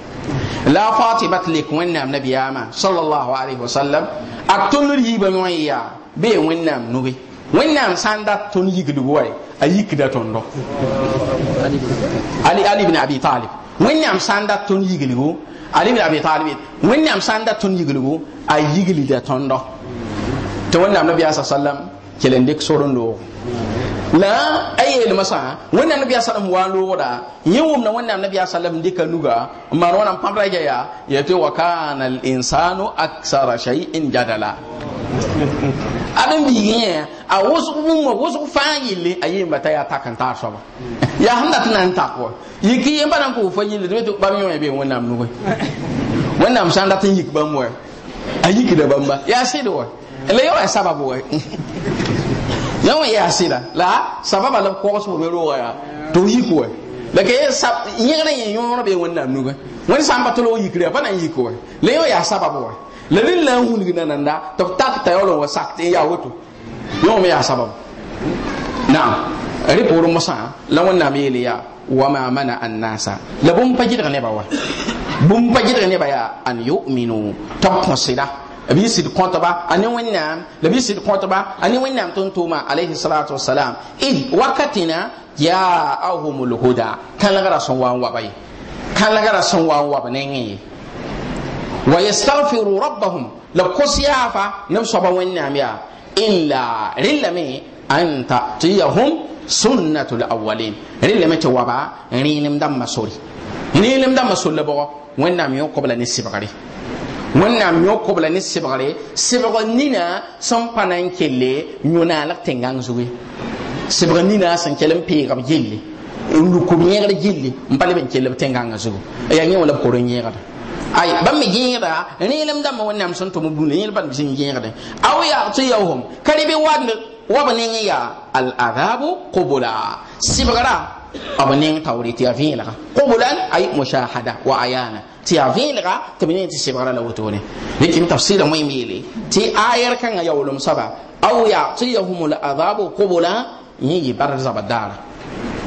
la fatima tɩ lek wẽnnaam nabiyaamã sallallahu alaihi wasallam a ba yiibã yõe yaa bee wẽnnaam nuge wẽnnaam sã n dat tõnd yikdg wa a yikda tõndɔ ali bn abi talib wẽnnaam sã n dat tõnd yiglgo ali bn abi talib wẽnnaam sã n dat tõnd yiglgo a yiglda tõndɔ tɩ wẽnnaam nabiyaa sa sallam kell n dɩk sor n loog la ayel masa wannan nabi sallam wa lura yawum na wannan nabi wasallam dika nuga man wannan pamra ga ya yato wa kana al insanu aksara shay'in jadala adan bi ya a wasu kuma wasu fayile ayi mata ya takan ta so ya hamna tunan takwa yiki yan banan ko fayile to ba mi be wannan nugo wannan san da tin yik ban mu ayi ki da ban ba ya sai da wa le yawa sababu wa yan wa ya sida la sababa la ko so me roga ya to yi ko la ke sab yigre yin yon be wonna nuga wani samba to lo yikre pa na yi ko le yo ya sababa wa le rin la hun gina nan da to tak ta yolo wa sakte ya woto yo me ya sababa na ri musa la wani me le ya wa ma mana nasa la bum pajidra ne ba wa bum pajidra ne ba ya an yu'minu ta konsida b yɩ sɩd kõtba a ne wẽnnaam la b yɩ sɩd kõtba a ne wẽnnaam tõnd tʋʋma alayhi salatu wasalam id wakatẽna yaahum lhuda kãlgrã sẽn wa n waba ye kãlgrã sẽn wa n wab nengẽ ye wa yastagfiru rabbahum la kos yaafa ne b ya wẽnnaam yaa illa rɩlame an tatiyahum sunnatu lawalin rɩlame tɩ waba rẽenem dãmbã sore rẽenem da sol la bʋgɔ wẽnnaam yõn kobla ne sɩbgre wẽnnaam yõ kobla ne sebgre sebg nina sẽn pa na n kelle yõ-naalg tẽngãng zuge sebg nina sẽn kell n peegb gilli n lukb yẽgd gilli n pa leb n kell b tẽngãngã zugu yaa yẽ wã la b kor n yẽgda ay bãmb me gẽegda rẽelem dãmbã wẽnnaam sẽn tʋm bũmb yẽl bãmb sẽn gẽegde aw yaa tɩ yaoom kare rɩ bɩ wa b neng yaa al adabu qubla sɩbgra b neng taoore tɩ yaa vẽelga qublan ay mushahada wa ayana tɩ yaa vẽelga tɩ b ne tɩ sɩbgra la wotone rɩkɩm tafsɩɩrã wẽm yeele tɩ ayɛr kãngã yaoolem soaba aw yaatiyahum ladabu qubla yẽ yɩ barr zaba daara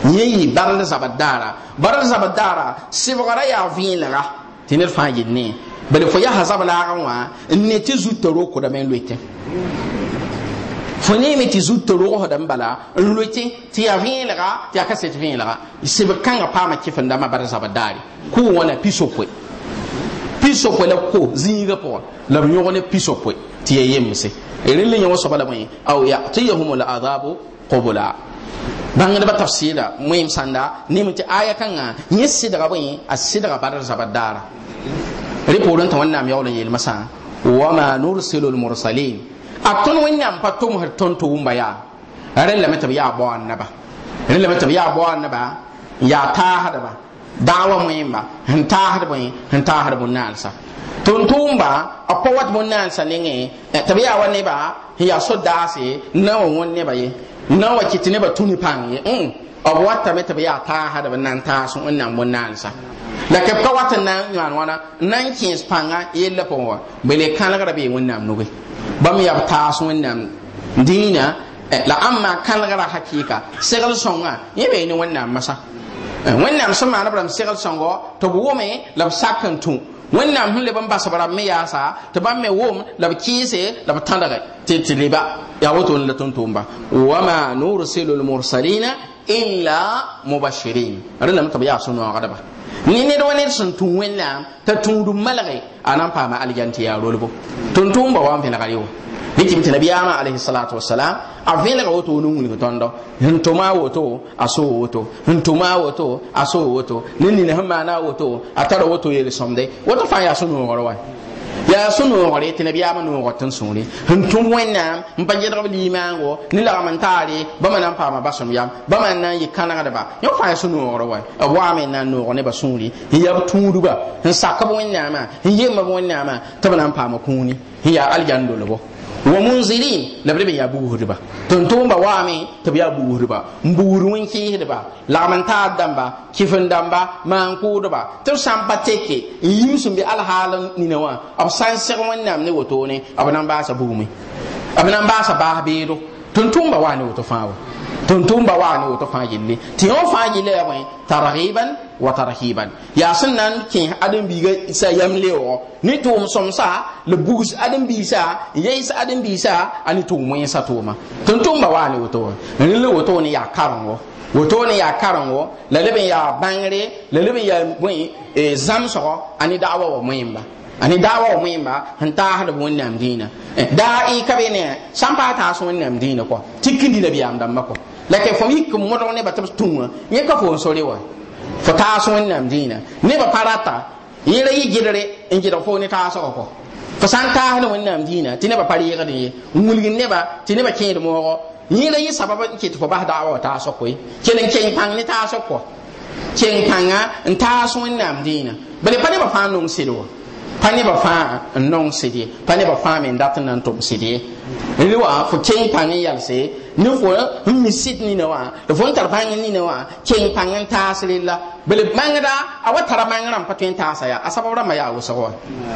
yẽ yɩ barr zaba daara barr zaba daara sɩbgra yaa vẽelga tɩ ned fãa yɩl ne bal fo yaa zab laagã wã n ne tɩ zuta rokodame n loetẽ fo neeme tɩ zuta rogsdame bala n loete tɩ yaa vẽelga tɩ yaa ka set vẽelga sɩb kãngã paama kɩfen dãmbã barr zaba daare kʋʋ piso pisopoe piso pisopwe la ko zĩigã po la b yõg ne pisopwe tɩ ya yemse rẽl le yẽ wã soaba la bõe aw yatiyahum ladabu qobla bãngdbã tafsɩɩla wẽem sãnda nim tɩ aya kãngã yẽ sɩdga daga a sɩdga barr zaba daara rẽ poorẽ tɩ wẽnnaam yaool n yeelmasã wama nursilu lmursalin a tõnd wẽnnaam pa tʋmsd tõnd tɩ wumba yaa rẽ lame tɩ b yaa baoan naba rẽ lame tɩ b yaa baoan naba n hada ba. daawa wẽmba sẽn taasd bõe sẽn taasd bõn-naalsã tʋm-tʋʋmba a pa wat bõn-naalsã nengẽ eh, tɩ ne yaa wa so da ase na n wa wõnd neba ye n na n wa kɩ tɩ neba tũni pãng ye ẽ b watame tɩ b ta taasd b nan taas na n da ke la nan yan wana nan na spanga yãan wãna n na n kẽes pãnga yella pʋgẽ wa bele kãlegrã bee wẽnnaam nuge bãmb yaa b taas wẽnnaam eh, la amma kan kãlegrã hakika sai ga yẽ yebe ni wannan masa wẽnnaam sẽn maan b rãmb segl sõngo tɩ b wʋme la b sak n tũ wẽnnaam sẽn leb n basb rãmb me yaasa tɩ bãmb me wʋm la b kɩɩse la b tãdge tɩ tɩ leba yaa woto la tʋm-tʋʋmba wama nursilu lmursalina illa mubashirin rẽlame tɩ b yaa sũ-noogdba ne ned wa ned sẽn tũ wẽnnaam t'a tũudum malge a na n paama algan tɩ yaa rolbo tʋm-tʋʋmba wa n vẽlgr ye likim tɩ nabiyaamã alayhi salatu wasalam a vẽlga woto ne wilg tõndo sẽn tʋma woto a soo woto sẽn tʋma woto a soo woto ne nin sẽn maana woto a tara woto yel-sõmde woto fãa yaa sũ-noogr wa yaa sũ-noogre tɩ nabiyaamã noogr tɩn sũure sẽn tũmb wẽnnaam n pa gẽdg b liimãango ne lagm n taare bãmba na n yam bãmba n na n yɩ kãnegdba yõ fãa yaa sũ-noogr wa b waame n na n noog nebã sũure n yab tũudba n sak b wẽnnaamã n yemb b wẽnnaamã tɩ b na n paama kũuni wa munzirin la bɛ ya buusdiba tontomba waame tɩ b yaa buusdiba n buusd wẽn ba, lagm n taad dãmba kɩfen dãmba maan kʋʋdba tɩ ba, sã n pa teke n yĩms ni ne wa, nina san b sã n seg wẽnnaam ne wotone ba sa baasa buume b nan ba biro beedo tontomba waa ne woto fawo wa tuntum e, ba wa ne woto fãa yelle tɩ yõ fãa yelle ya bõe tarhiban wa tarhiban yaa sẽn na n kẽes ãdem-biigã yam leoogo ne tʋʋm sõmsa la bugs ãdem-biisã n yeis ãdem-biisã a ne tʋʋm wẽnsã tʋʋma tuntum ba wa ne woto wã rẽ la woto ne yaa karengo woto ne yaa karengo la ya n yaa ya la leb n yaa bõe zãmsgo a ne da'wa wa mõemba ba dawa wa muhimma han ta hada wannan dina da'i kabe ne san ta so wannan dina ko tikkin dina biyam dan mako la ke fo yik modog ne batam tuwa ye ka fo sore wa fo taas wẽnnaam dĩinã nebã pa rata yẽra yɩ gɩdre n gɩdg fo ne taasgã kɔ fo sã n taasd wẽnnaam dĩinã tɩ nebã pa rɩɩgd n ye n wilgd nebã tɩ nebã kẽed moogɔ yẽra yɩ sabab n ket fo bas daawa wa taasg koe Kene n keng ne taasg kɔ keng pãngã n taas wẽnnaam dĩinã bale pa nebã fãa n nong sɩd wa pa nebã ba n nong sɩd pa nebã fãa me n dat n na n tʋm sɩd ye rẽ wa fo keng pãng yalse ne fora hmm, n mi sit ni na wa e fon tar bang ni na wa ken pangan tasri la bel mangda awa tar ta asaya a ya asabara ma ya wuso wa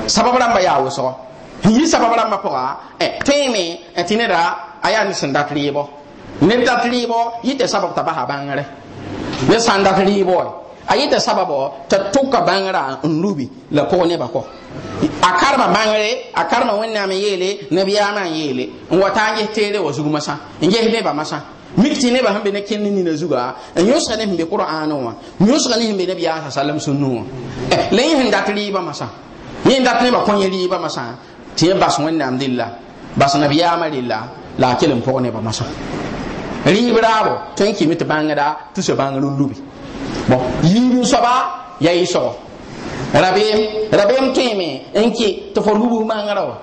sabara ma ya wuso yi sabara ma poa e teme e da aya ni sun datri bo ne datri bo yite sabab tabaha bangare ne sanda datri a yɩta ta tɩ d tʋka bãngrã n la pʋg ba kɔ a karema bãngre a na wẽnnaam n yeele nebiyaamã n yeele yele. wa ta n ges teere wa zug masã ne ba masa. masã ne tɩ nebã sẽn be ne kẽnd nina zugã n yõsga ne sẽn be wa wã ne yõsga ne sẽn be nebiyaa sa salam sũnnẽ wa. Eh, la yẽ sẽn dat rɩɩbã masã yẽ dat nebã masa, ti rɩɩbã masã wani yẽ ba wẽnnaam rɩlla bas nabiyaamã rɩlla la a kell n pʋg nebã masã rɩɩb raabo tõe n kɩme tɩ bãngda tɩ so bãngr n lubi bon yiru soba ya yi so rabem rabem teme enki to fo lubu mangara wa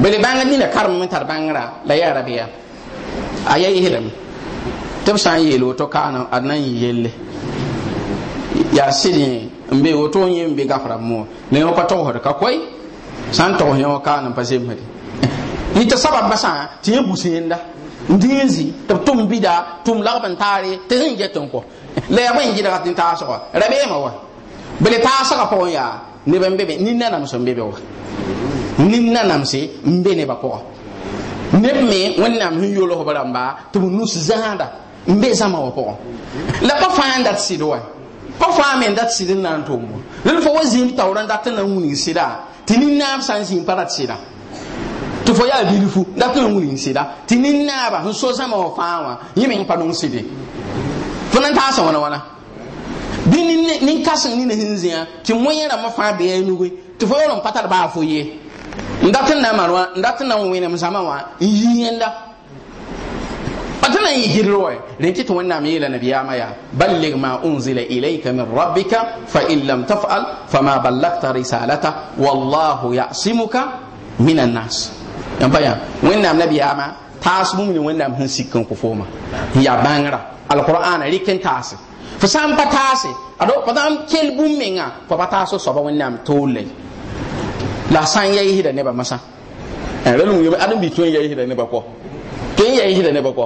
bele banga ni na karam mun tar bangara la ya rabiya aya yi hilam tab san yi yelo to kana adnan yelle ya sidin mbe woto yin mbe gafara mo ne ko ka tɔgɔ ka koy san tɔgɔ hin ka nan pa sem hadi (laughs) ni ta sabab basa ti businda ndinzi tab tum bida tum lagban tare te zin jeton ko la ya bõe yɩdga tɩ taasgã ra beema wa bele taasgã pʋgẽ yaa neb n be nin nanams n be wa nin nanamse n be nebã pʋgã neb me wẽnnaam sẽn yolsb rãmba tɩ b nus zãada n be zãma wã pʋgẽ la pa fãa n dat sɩd wa pa fãa me n dat sɩd n na n tʋmbo rel fo wa zĩig taoorã dat n na n wilg sɩda tɩ ninnaam sã n zĩig pa rat sɩda tɩ fo yaa bilfu dat n wilg sɩda tɩ ninnaaba sẽn so zãma wã fãa wã yẽ me n pa nong sɩde fo nan taasa wãna wãna bɩ nin-kãseng nina na zĩa tɩ moyẽ rãmbã fãa be yaa nuge tɩ fo yaoor n pa tar baa fo ye n dat n na n mar wã n dat n na n wẽnem zãma wã n yi yẽnda pa tɩ na n yɩ gidr wa rẽ tɩ tɩ wẽnnaam yeela nabiyaamã yaa ballig ma unzila ilayka min rabbika fa in lam tafal fama ballagta risalata wallahu yasimuka min annas yãmpa yã wẽnnaam nabiyaamã taas bũmb ne wẽnnaam sẽn sik n kʋ fooma n yaa bãngrã alkʋrana rɩk n taase fo sã n pa taase ado pa na n kell bũmb menga fo pa taas ba wẽnnaam toolle la sã n yaɩsda nebã masã rel wɩɩm ad n bɩ tõe n yaɩsda nebã kɔ tõe n yaɩsda nebã kɔ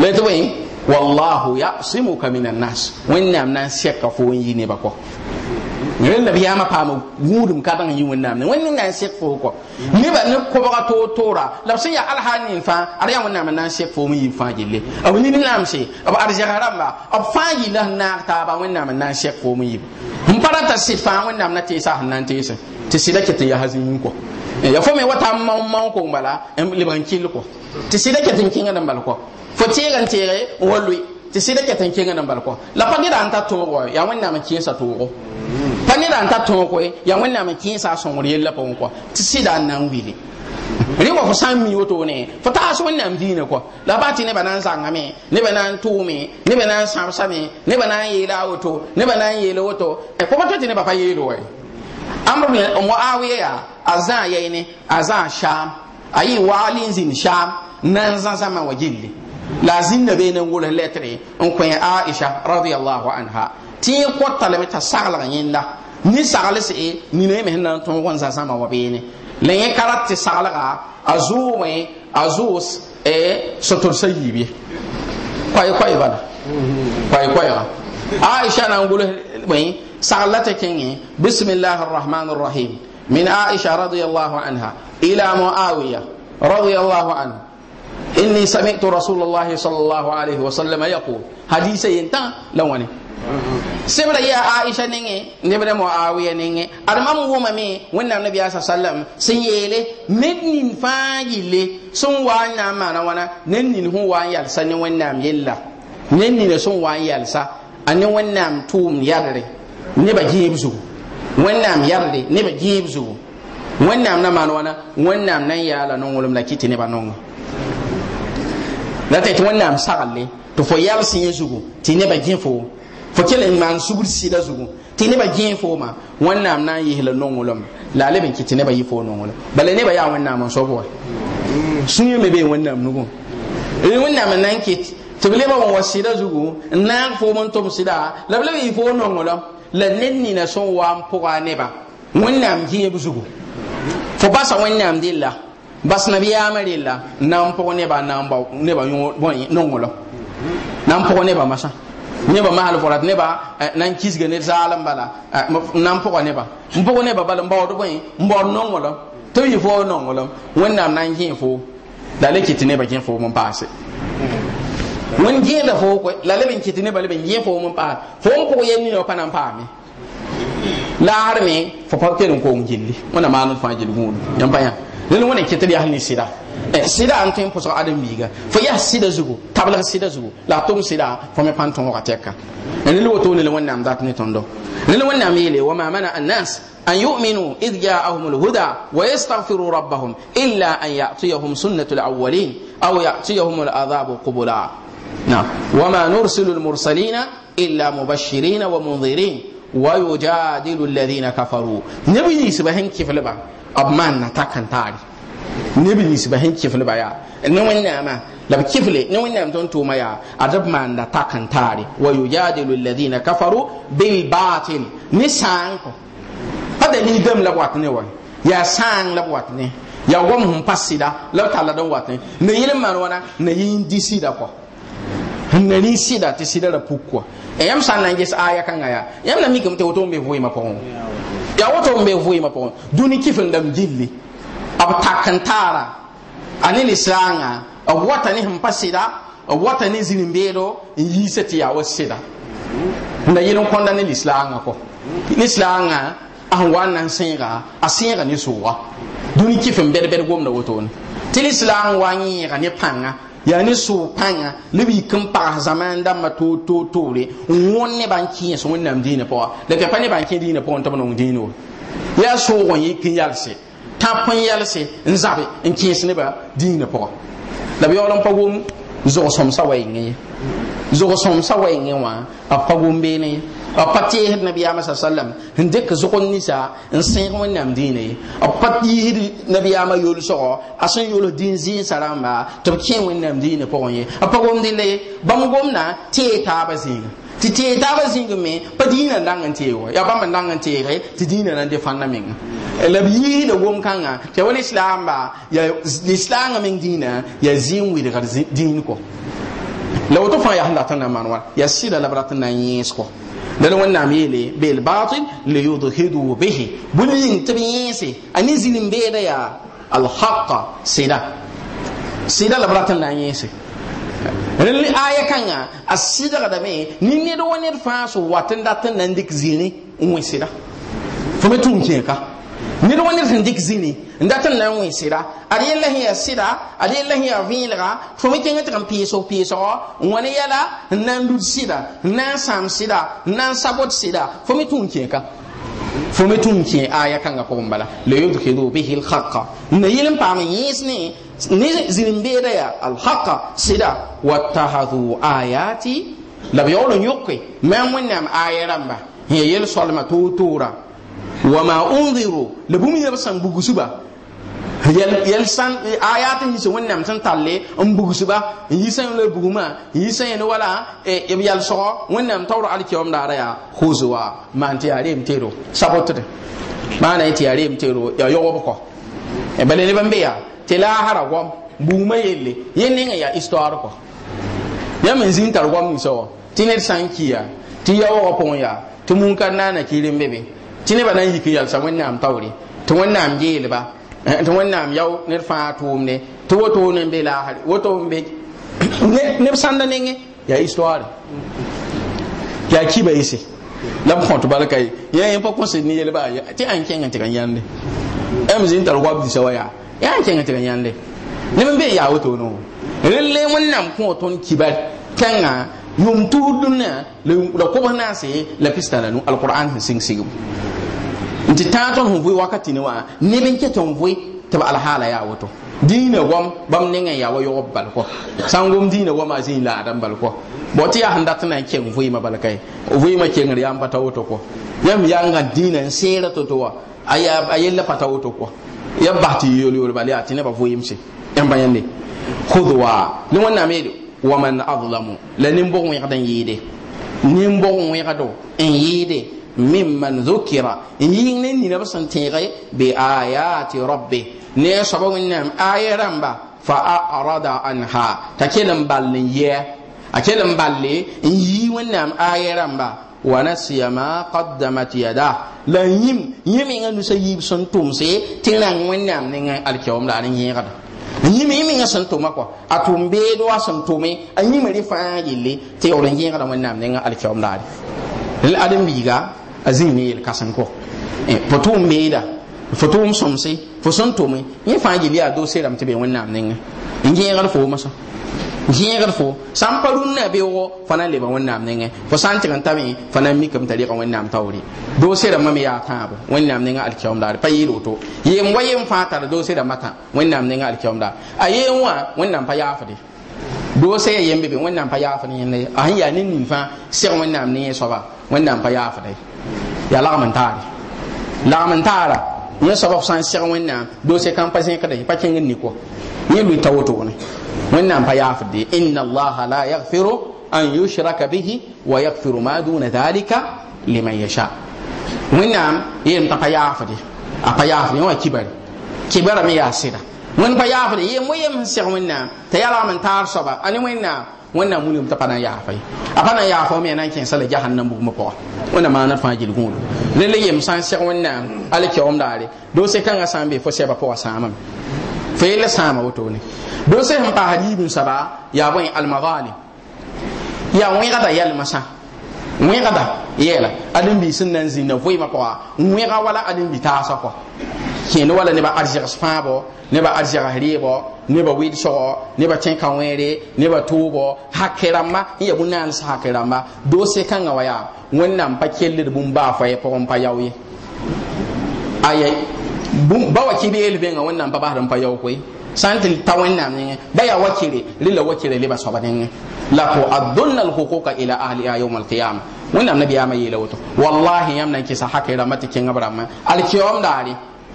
la tɩ bõe wallahu yasimuka min annas wẽnnaam na n sɛka fo n yɩ nebã kɔ rẽl b yaamã paama wũudum ka bãng yĩ wẽnnaam ne wẽnd na n sek fo kɔ neba ne kobga toor toora la b sẽn yaa alsã nin fãa ad yaa wẽnnaam n na n sek foom n yɩ fãa gelle b nin-laamse b ad zɛgs rãmba b fãa yɩla sẽn naag taaba wẽnnaam na n sek foom n yɩ n pa rata sɩd fãa wẽnnaam na teesa sẽn na n teesẽ tɩ sɩda ket n yaa zĩig kɔ ya fo me wata ma ma ko bala lebg n ko ti tɩ sɩda ket n kẽngd n bal kɔ fo teeg n teege n wa ti tɩ sɩda ket n kẽngd n bal kɔ la pa dɩda n ta toogo ya wẽnnaam n kẽensa toogo pa e, ne da n ta tõog ya wẽnnaam n kẽesa a sõngr yella pʋgẽ kɔ tɩ sɩda n na n wile rẽ wa fo sã n mi wotone fo taas wẽnnaam diinã kɔ la ba tɩ nebã na n zãngame nebã na n tʋʋme nebã na n sãbsame nebã na n yeela a woto nebã na n yeela woto fo ba tõe tɩ nebã pa yeele wa amr moawiya yaa a zã yɛɩne a zã sham a yɩ waal n zĩnd sham na n zã wa gilli la a zĩnnã bee nan wʋls lɛtre n kõ aisha radiallahu anha tɩ yẽ kõta lame t'a saglg yẽnda ninsaglse nina me sẽn na n tõog n zã-zãma wa beene la yẽ karat tɩ saglga a zoomẽ a zoos e, sẽn tʋd kwai kwai bana kwai kwai ha aisha na ngulo we bõe sagla tɩ kẽngẽ bismillah arrahman arrahim min aisha radiyallahu anha ila muawiya radiyallahu anhu إني سمعت رسول الله صلى الله عليه وسلم يقول حديث ينتهى لوني سبر يا عائشة نيني نبرا معاوية نيني أرمام هما مي وننا النبي صلى الله عليه وسلم سيئلي مدنين فاجلي سن وان نام مانا وانا ننين هو وان يلسا نوان نام يلا ننين سن وان يلسا أن وان نام توم يرري نبا جيبزو وان نام يرري نبا جيبزو وان نام نام مانا وانا وان نام نيالا نونغ لم لكيتي نبا نونغ la tɩ tɩ wẽnnaam sagle tɩ fo yɛl sẽn zugu tɩ nebã gẽ fo fo kell n maan sugr sɩda zugu tɩ nebã gẽ foomã wẽnnaam na n yɩsla nonglem la a leb n kɩ tɩ nebã yi foo nonglem bala nebã yaa wẽnnaam n sob wa sũyã me bee wẽnnaam nugẽ wẽnnaam n na n kɩt tɩ b lebã wa zugu n naag foom n tʋm sɩda la b leb n yɩ foo nonglem la ned nina sẽn wa n pʋga nebã wẽnnaam gẽ zugu fo basa wẽnnaam la. bas nabiyaamã rella na n pʋg nebã na n nebã nonglã na n pʋg nebã masã nebã masl vɔra tɩ nebã eh, na n kisga ned zaalem bala eh, na n pʋga nebã n pʋg nebã bala n baood bõe n baood nonglem tɩ b yɩ foo nonglem wẽnnaam na n gẽ foo la le kɩ tɩ nebã gẽ foom n paase wẽnd gẽeda foo koy la leb n kɩ tɩ nebã leb n gẽ foom n paase foo n pʋg yel nina pa na n paame laar me fo lel wẽna ket d yas ne sɩda sɩda n tõe n pʋsg adem-biiga fo yas sɩda zugu tablg sɩda zugu la tʋm sɩda fo me pãn tõoga tɛka rel woto lel wẽnnaam dat ne tõndo rel wẽnnaam yeele wama mana annas أن يؤمنوا إذ جاءهم الهدى ويستغفروا ربهم إلا أن يأتيهم سنة الأولين أو يأتيهم العذاب قبلا نعم وما نرسل المرسلين إلا مبشرين ومنذرين ويجادل الذين كفروا نبي يسبهن كيف لبعض b maan na takan n ne bi ni sibahin kɩflba baya ne wani wẽnnaamã la b kɩfle ne wẽnnaam tõnd tʋʋma yaa ad b maan na takan n wa yujadilu alladhina kafaru bil bilbatil ne sãango pa ni dem la wat ne wa ya sãang la wat ne ya gom hum pasida la tala don wat ne ne yilin man wana ne yin disi da ko ne ni sida ti sida da pukwa e yam san na ges aya kan aya yam na mi kam te woto me voima ko ya wato mbe vuyi vɩɩmã pʋgẽ dũni kifendame gilli b tak n taara a ne wata ni sẽn pa sɩda wata ni zĩnin mbedo n yiisa tɩ yaa wa sɩda konda ni yɩl ko kõnda ne lislaanga kɔ lislaanga a sẽn wa na a sẽega ne suwa, duni kifin n gomna bɛd gomda wotone tɩ wani wa n ne yaa ne soo pãnga leb yik n pags zãmaan dãmbã toor-toore n wõn nebã n kẽes wẽnnaam dĩinã pʋga la tɩ pa nebã n kẽ dĩinã pʋgẽ tɩ b nong dĩin wo yaa soog n yik n yalse tãp n yalse n zabe n kẽes ne ba pʋga la b yaool n pa Zuɣu sõmsa wa yĩngẽ ye zog sõmsa wa yĩngẽ wã a pa gombeene ye a pa teesd nabiyaamã sa sallam n dɩk zʋg n ninsã n sẽeg wẽnnaam dĩinã ye a pa yiisd nabiyaamã yoolsgɔ a sẽn yols dĩin zɩɩnsã rãmba tɩ b kẽ wẽnnaam dĩinã pʋgẽ ye a pa gomdẽ la bãmb gomdã tɩ zĩiga ti te ta ba zinga me pa dina ndangan te yo ya ba ndangan te re ti dina nan de fanna men la bi da gom kanga te wani islam ba ya islam men dina ya zin wi da din ko la wato fa ya handa tan na manwa ya sida la baratan nan yes ko dan wannan mele bil batil li yudhidu bihi bulin tabiyese ani zilin be da ya al haqq sida sida la na nan yese rel aya kanga a sidgdame ni ned wa ned fãa sẽn wat n dat n na n dɩk zĩni n wẽsda fo me tʋʋm kẽeka ned wa ned sẽn dɩk zĩni n dat n na n wẽsda ad yella sẽn yaa sɩda ad yella sẽn yaa vẽelga fo me kẽng tɩg n pɩɩsg pɩɩsgɔ n wa ne yɛla n na n lud sɩda n na n sãam sɩda n na n sabot sɩda fo me tʋʋm kẽeka fo me tʋʋm kẽ aya kãngã pʋgẽ bala la yʋdkiru bihi lhaqa n na yɩl n paam yẽes ne ne zĩmbeeda yaa alhaqa sɩda wattahadu ayati la b yaool n yʋke mam wani aaya ayaran ba ya yel solma toor-toorã wama unziru labu mu yã san bugusu ba yel san ayat ni se wonnam san talle n bugusba n yi san le buguma n yi san ne wala ya e yal so wonnam tawro al kiyom da ya huzwa man ti yare mtero na yi ti yare mtero ya yowo ko ebele bale ne bambe ya tɩ laasara goam buuma yelle yẽ nengã yaa histoar kɔ yãmb n zĩn tar goam ninsã wã tɩ ned sã n kia tɩ yaoogã pʋgẽ yaa tɩ munkar naana kiir n be be tɩ nebã na n yik n yalsa wẽnnaam taoore tɩ wẽnnaam yeelba eh, tɩ wẽnnaam yao ned fãa tʋʋmde tɩ woto n be laasare woto n be (coughs) neb sãnda nengẽ yaa histoare yaa kiba yese la b kõ tɩ balka ye yã yẽ pa kõsd ne yelba tɩ ãn kẽngẽ tɩ ka yãnde m zĩn tar goab dinsã wã yaa ya kẽng tɩg yãnle neb n be n yaa wotoone rẽlle wẽnnaam kõ tõnd kibar kãngã yʋʋm tuusd dũnã la kobs na n se la pistã la alqur'an sẽn sɩng sigm n tɩ tãag tõnd sẽn vʋɩ wakatɩ ne wã neb n ket n vʋɩ tɩ b alhaala ya woto dĩinã wam bam neng ya yaa wa yogb balkɔ sã n gom dĩinã goamã zĩig laada n balkɔ bao tɩ yaa sẽn dat na n e. keng vɩɩmã balka ye vɩɩmã kengr yaa n pata woto kɔ yam yaa n gãn dĩinã n to-to wã a yella pata woto kɔ ya bati yoli yoli bali ne ba fo yimse ba yande khudwa ni wonna medo wa man azlamu la nimbo ngi xadan yide nimbo ngi xado en yide mimman dhukira yin ne ni ba san tere bi ayati rabbi ne sabo nam ayaramba fa arada anha takelan ballin ye akelan balle yi wannan ayaramba wa nasiya ma qaddamat yada la yim yimi ngam nusa yib son tumse tinan wannan ne alkiyom da ne yigada yimi mi ngam sun tuma ko atum be do son tume anyi mari fa yille te yoro yigada wannan ne alkiyom da ne adam biga azimi el kasan ko e eh, potum beida fotum somse fo son tume yin fa yille a do seram te be wannan ne yigada fo masa zẽegd fo sãn pa rũnnã beoogo fo na n lebg wẽnnaam nengẽ fo sã n tɩg n tame fo na n mikame t'a rɩga wẽnnaam taoore doose rãmbã me yaa tãabo wẽnnaam nengã alkiaom pa yeel woto yeem wa yem fãa tara doose rãmbã tã wẽnnaam nengã alkiaom a yeem wã wẽnnaam pa yaafde doose ya yembe be wẽnnaam pa yaafd yẽnda a sẽn yaa ne nin fãa seg wẽnnaam ne soaba wẽnnaam pa yaafda yaa lagm n taare lagm n taara yẽ soaba f sã n seg wẽnnaam doose kãn pa zẽkda pa kẽng n nik yẽ lʋɩ ta wotone wẽnnaam pa yaafdde inna allaha la yagfiru an yushraka bihi wa yagfiru ma duna dhalika liman yasha wẽnnaam yeelm tã pa yaafde a pa yaafde yẽ wã kibare kibara me yaa sɩda wẽnd pa yaafde yee moyem sẽn seg wẽnnaam t'a yalgm n taar soaba a ne wẽnnaam wẽnnaam wilgm t'a pa na n yaafa ye a pa na n yaafa me na n kẽensa la jahannam bugmã pʋga wẽna maana d fãa fo fa yella sama wotone do se han pa hadibun saba ya wa al maghali ya wi gada yal masa wi gada yela adin bi sunnan zinna foi ma kwa wi ga wala adin bi ta sa kwa kẽene wala nebã arzɛg fãabɔ nebã arzɛg ne ba wɩd sɔgɔ nebã tẽka wẽere nebã tʋʋbɔ hakɛ rãmba n yaa bũnaan sã hakɛ rãmba doose kãngã wa yaa wẽnnaam pa kellr bũmb baa fa yɛ pʋgẽ pa yao ye aye ba wakili el benga wannan ba bahran fa yau koy santin ta wannan ne ba ya wakile lilla wakile liba so baden la ko adunna al huquqa ila ahli yawm al qiyam wannan nabi ya mai lawto wallahi yamna ki sa hakira mata kin abrama al qiyam dali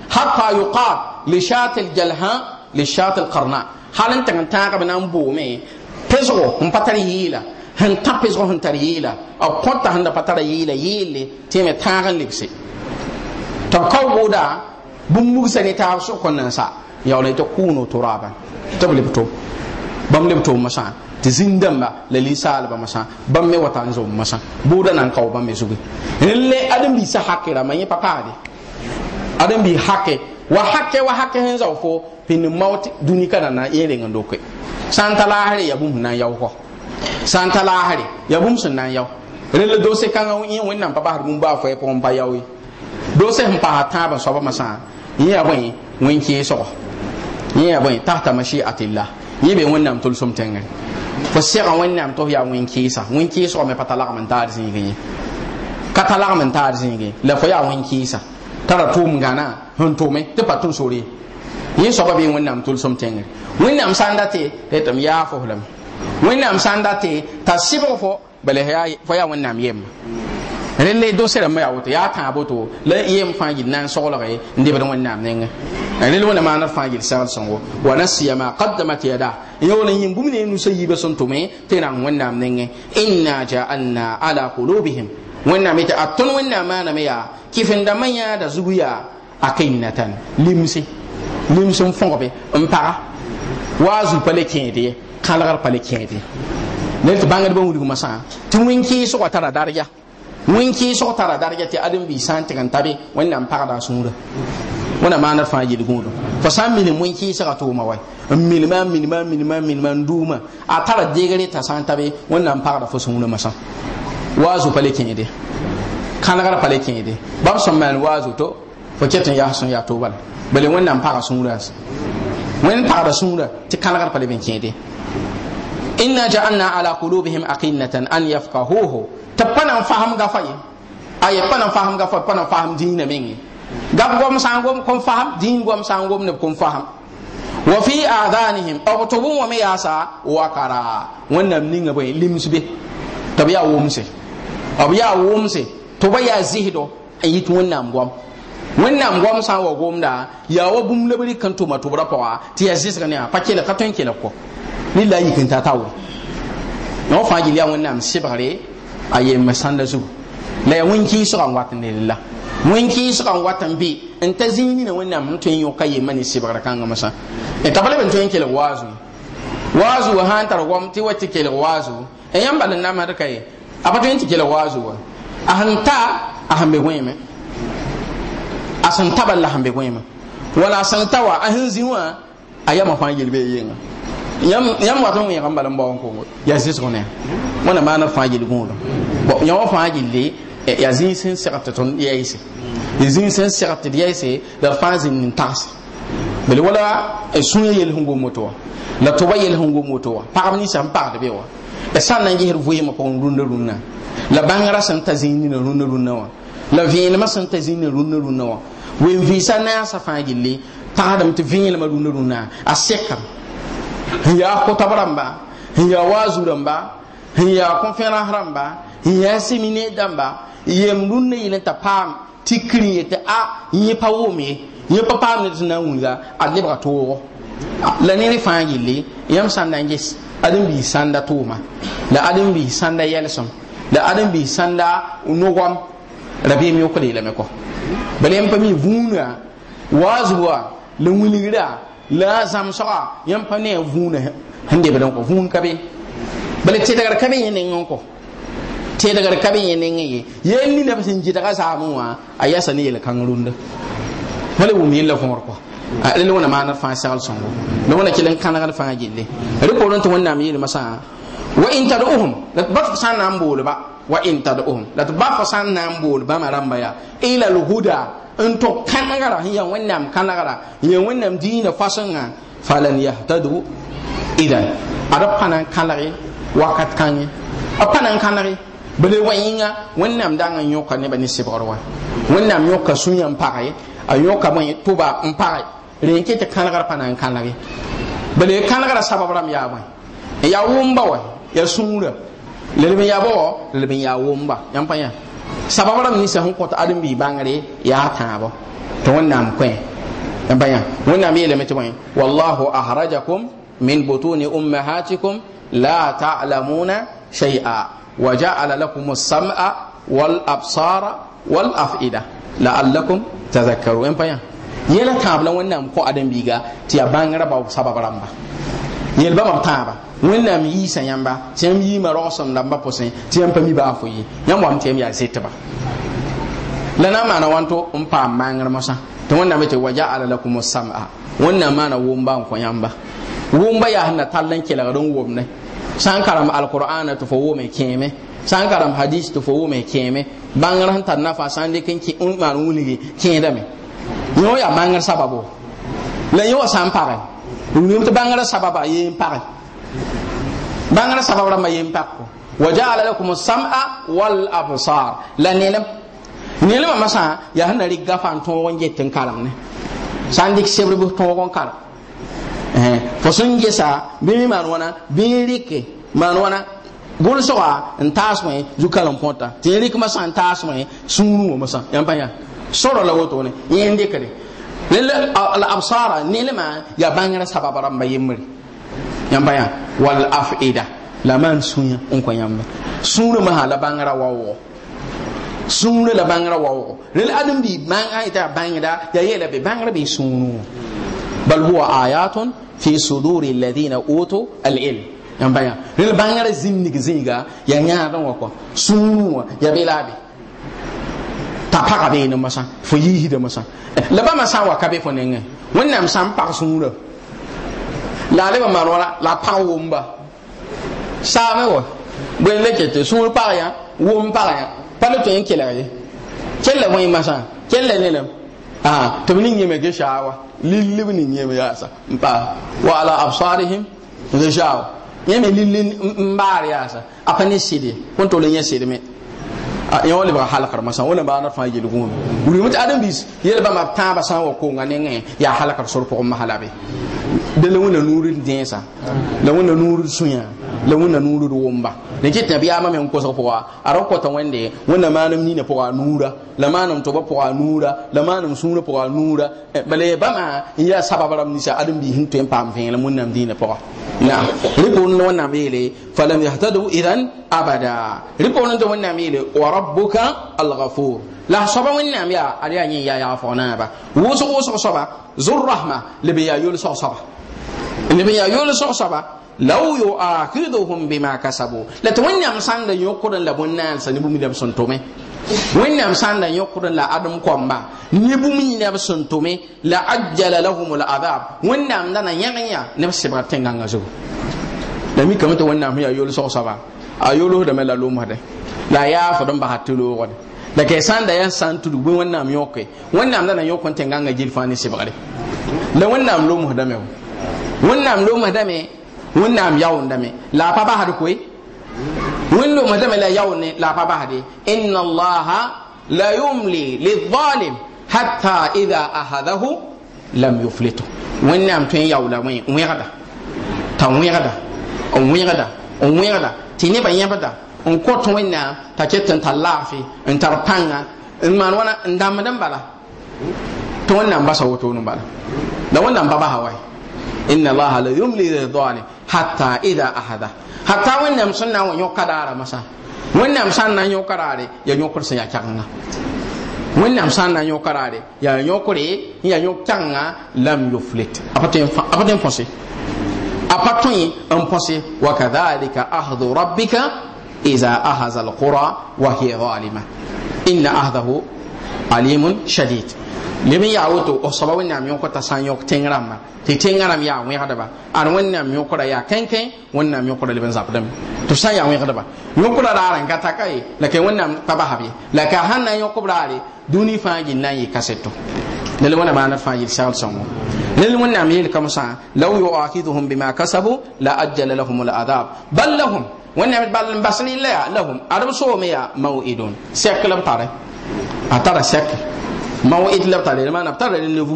hatta yuqal li shat al jalha li shat al qarna halin tan ta ka nan bo me peso mun patari hila han ta peso han tarila aw kotta han da patara yila yile teme tagan lipse ta kawuda bũmb-mugsa ne taab sʋkõ nansa yaool tɩ kʋʋno tʋraabã tɩ b leb tʋm bãmb leb tʋʋm masa tɩ zĩn dãmba la linsaalbã masa bãmb me wa tar masa masã buudã na n kao bãmb me zuge rẽ le adem-biisã hake rãmbã yẽ pa paade adem bi hake wa hake wa hake sẽn zao fo pĩnd mao tɩ dũnika na na n reng n doke sã n ta laasre yaa bũmb ya n yaoogɔ sã n ta laasre yaa bũmb sẽn na n yao rẽ la doose kãngã yẽ wẽnnaam pa basd bũmb baa fɛɛ pʋgẽ pa yao ye doose sẽn masa. yẽ bõe wẽn kẽesgɔ yẽ yaa bõe tagta mashi'atillah yẽ be wẽnnaam tʋlsem tẽngre fo sɛga wẽnnaam tɩ f yaa wẽn-kɩɩsa wẽn-kɩɩsgɔ me pa ta lagm n taar zĩigẽ ye ka ta lagm n taar zĩigẽ la fo yaa wẽn-kɩɩsa tara tʋʋm gãna sẽn tʋme tɩ pa tʋm sore yẽ soaba bee wẽnnaam tʋlsem tẽngre wẽnnaam sã n da tɩ m yaa foslame wẽnnaam sã n datɩ t'a sɩbg fo bala fo yaa wẽnnaam yemba rẽlle dosera me ya woto yaa tãabo to la yem fãa yɩl na n soglge n debd wẽnnaam nengẽ rẽl wẽna maana d fãa yɩl segl-sõngo wa nasiyama qaddamat yada yawla yĩn bũmb ne nusa yiibã sẽn tʋme tɩ rãng wẽnnaam nengẽ inna ja'alna ala qulubihim wẽnnaam yetɩ a tõnd wẽnnaam maaname yaa kɩfen-dãmbã yãada zugu yaa akinatan limse lims n fõgbe n paga waa zu pa le kẽed ye kãlgr pa le kẽed ye ned tɩ bãngdbã wilgmã sã tɩ wẽn-kɩɩsgã tara darga wẽn so sg tara darga ti adem-bi san n tabi, wani nan wẽnnaam pagda a sũurã wẽna maanda fãa gudu. gũudum san mini n ki saka kɩɩsga tʋʋma wai n ma n ma n ma n ma nduma duuma a tara deegre t'a san n tabe wẽnnaam pagda fo sũurã masan wazu pa le kẽede kãnegrã pa le kẽede san sẽn maan wazu to fa ketin ya yaa ya yaa tʋʋba la bale wẽnnaam paga Wani wẽnd pagda sunura ti kanagara pale le ben inna ja'alna ala qulubihim aqinatan an yafqahuhu ta pana faham gafa yi ay pana faham gafa pana faham dinna min gab gom sangom kon faham din gom sangom ne kon faham wa fi adanihim ogtobun wa miyasa wa kara wannan ninga e boy limsbe tabiya wumse abiya wumse to baya zihdo ayit e wannan gom wẽnnaam goamsã n wa gomda yaa wa bũmb lebr kan tʋma tʋbra pʋga tɩ yaa zɩsg ne pa kelg ka tõe n kelg kɔ ne la a yik n ta taoore la wa fãa gil yaa wẽnnaam sɩbgre a yemb sãnda zugu la yaa wẽn-kɩɩsga n wat n lel la wẽn-kɩɩsga n wat n be n ta zĩig nina wẽnnaam n tõe n yõka yemba ne sɩbgr kãngame n ta pa leb n tõe n kelg waazu waazu wã sã n tar gom tɩ wa tɩ kelg waazu n e, yãmb bal n namsdka ye a pa tõe n tɩ kelg waazu wa a sẽn ta a sẽn be wẽeme a sẽn tab be wala a sẽn ta a sẽn zĩ a yamã fãa yel bee yeenga yãmb wat n wẽeg n bala n baoon yaa zɩsg ne wẽna maan d fãa yel gũudã yã wã fãa yelle yaa zĩig sẽn segd tɩ tõnd yɛɛse zĩig sẽn segd tɩ d yɛɛse la d fãa zĩnd bele wala e, sũyã yel sẽn gom la tʋba yel sẽn gom woto na n gesd la bangara san ta zĩig nina rũndã la vẽenemã sẽn ta zĩnd ne rũnnã rũnnã wã wen vɩɩsa naasã fãa gilli tagdame tɩ vẽenemã rũnnã rũnnã a sekame n yaa kotab rãmba n yaa waazu rãmba n yaa conférence rãmba n yaa séminé dãmba yem rũnnã yɩl n t'a paam tikr n yetɩ a yẽ pa wʋm ye yẽ pa paam ne tɩ na n wĩnga ad lebga toogo la ne ne fãa gilli yãmb sãn na n ges ãdem-biis sãnda tʋʋma la ãdem-biis sãnda yɛlsem la ãdem-biis sãnda nogam rabi mi ko yʋkd me ko. bala yãmb pa mi vũunã waaz la wulira la a zãmsga yãmb pa ne a vũuna sẽn debd n kɔ vũun ka be bala te ka be yẽ neng n kɔ tɩdgr ka be yẽ neng ye yel nina pa sẽn gɩdga zaamẽ wã a yasa ne yel-kãng rũndã wala wum yella võor kɔ rel wẽna maanr fãa segl sõngo la wẽna kell n kãnegd fãa gelle rẽ poorẽ tɩ wẽnnaam wa in tad'uhum la bat sanam n na wa in tad'uhum la ba fa san nan bol ba maramba ya ila al huda in to kanagara wannan kanagara ya wannan fasanga falan yahtadu idan kanare wakat apanan kanare yoka ne bani sibarwa wannan yoka sunyan pare a mai tuba in pare renke ta kanagara panan kanare kanagara sababaram ya mai ya wumba wa ya sunura lelbin ya bo lelbin ya womba yan panya sababa ni sa hon kota bi bangare ya tabo to wannan kwen yan panya wannan mi lemi tuwan wallahu ahrajakum min butuni ummahatikum la ta'lamuna shay'a wa ja'ala lakum as-sam'a wal absara wal af'ida la'allakum tadhakkarun yan panya yela tabla wannan ko bi biga ti ya bangara ba sababara ba. ba mam tãaba wẽnnaam yiisã yãmba tɩ yãmb yiimã rogsem rãmbã pʋsẽ tɩ tiam pa mi baafo ye yãmb wam tɩ ya yaa zetba la na mana wanto wãn tɩ n paam maangrẽ mosã tɩ waja ala lakum sama wonna mana wʋmba n kõ yãmba wʋmba yaa sẽn na tall n kelgd n wʋmne sã n karem alkʋraana tɩ fo wʋme kẽeme sã n karem hadis tɩ fo me. keme bangar sẽn tar fa sã n dɩk umma maan wilgi da me. wã y'a mangr sababo la yo san sã tɩ yʋm tɩ sababa yen wa lakum sam'a wal absar la nelem nelmã masã yaa sẽn na rɩga fãa tõog n get ne sã n dɩk sebr bɩ tõog n fo sẽn gesa bi mi maan wãna bɩ n rɩke maan wãna n taasmẽ zu-kalem põta tɩ n rɩkmã sã n taasmẽ sũurẽ masa yan yãmpa yã sora la wotone yẽ n dɩkre الابصار نلما يا بانغرا سبب رمبا يمري يامبا يا والافئدة لمن سويا انكو يامبا سورة ما هلا بانغرا واو سورة لا بانغرا واو للأدم بي بانغرا يتا بانغرا يا يلا بي بانغرا بي سورة بل هو آيات في صدور الذين أوتوا العلم يامبا يا للبانغرا زينك زينك يا نيانا واكو سورة يا بلابي t'a paga beene masã fo yiisdame sã la bãmba sã n wa ka be fo nengẽ wẽnnaam sã n pag sũurã la a lebã maan la a pãg womba saame wa bõe la ket sũur pag yã wom pag ya. pa la tõe n ye kell la wẽn masã kell la ne lame ah, tɩ b ning yẽme geshaawa lillib ning yẽme yaasa n pa wa ala absarihim geshaawa yẽ me lilli n ya sa. a pa ne sɩd ye wẽn tol n yẽ me ya ah, eh, wale ba halakar masan wala ba anar fa yel gum wuri mut adam bis yel ba ma ta ba san wa ko ngane nge eh, ya halakar sur ko ma halabe de la wona nurul densa la wona nurul sunya la wona nurul womba ne kit nabi ama men ko so po aro ko to wende wona manam ni ne po nura la manam to ba po nura la suna sunu po nura eh, bale ba ma iya sababaram ni sa adam bi hin to en pam fen la mun nam dine po نعم ربون ونعميلي فلم يهتدوا إذن أبدا ربون ونعميلي وربك الغفور لا صبا ونعم يا ألياني يا يا فنابا وسق وسق صبا ذو الرحمة لبي يول صو صبا لبي يول صو صبا لو يؤاخذهم بما كسبوا لتونعم سند يقول لبنان سنبو مدام سنتومي wẽnnaam sã n da yõkd n la adem kɔmba ne bũmb yĩna b sẽn tʋme la ajala lahum lazab wẽnnaam da na yãg yã ne b sebga tẽngãngã zugu la mikame tɩ wẽnnaam sẽn yaa yol sogsaba a yolsdame la lʋmsdɛ la a yaafd n basa tɩ la kɛ sã n da yaa sã n tudg bõe wẽnnaam yõke wẽnnaam da na yõk n tẽngãngã jil fãa ne sebgre la wẽnnaam lʋmsdame wẽnnaam lʋmsdame wẽnnaam yaoondame la a pa basd koe wẽnlo ma la yao ne la a pa basde inna allaha la yumli lizalim hatta ida ahadahu lam yuflitu wẽnnaam tõe n yao la wẽgda t'a wẽgda n wẽgda n wẽgda tɩ nebã yẽbda n kõt wẽnnaam t'a ket n tar laafɩ n tar pãnga n maan wãna n dãmbd n bala tɩ wẽnnaam basa wotone n bala la wẽnnaam pa basa wa inna la حتى إذا أحدا حتى وين نام سنة ونيوكادا على مسا وين نام سنة نيوكادا على ينيوكر سيا كانغا وين نام سنة نيوكادا على ينيوكر يا نيوكانغا لم يفلت أبتين أبتين فصي أبتين أمفصي وكذلك أخذ ربك إذا أخذ القرى وهي ظالمة إن أخذه عليم شديد leb ya yaa woto f soaba wẽnnaam yõkta sã n yõk tẽng rãmba tɩ tẽngã rãmb yaa wẽgdba ad wẽnnaam yõkra yaa kẽn wẽnnaam yõkra leb n zapdame tɩ sã n yaa wẽgdba yõkra raara n ka ye la ka wẽnnaam pa basb ye la ka sãn na n yõkb raare dũni fãa gill na n yɩ kaseto lel wẽna maana fãa yel segl sõngo lel wẽnnaam yel-kame law yuakidhum bima kasabu la ajjala lahum ladab bal lahum wẽnnaam bal n bas rɩ yaa lahum ad b soome yaa mawidun sɛk tare a tara sɛke ma wa idla tale ma na tare le levu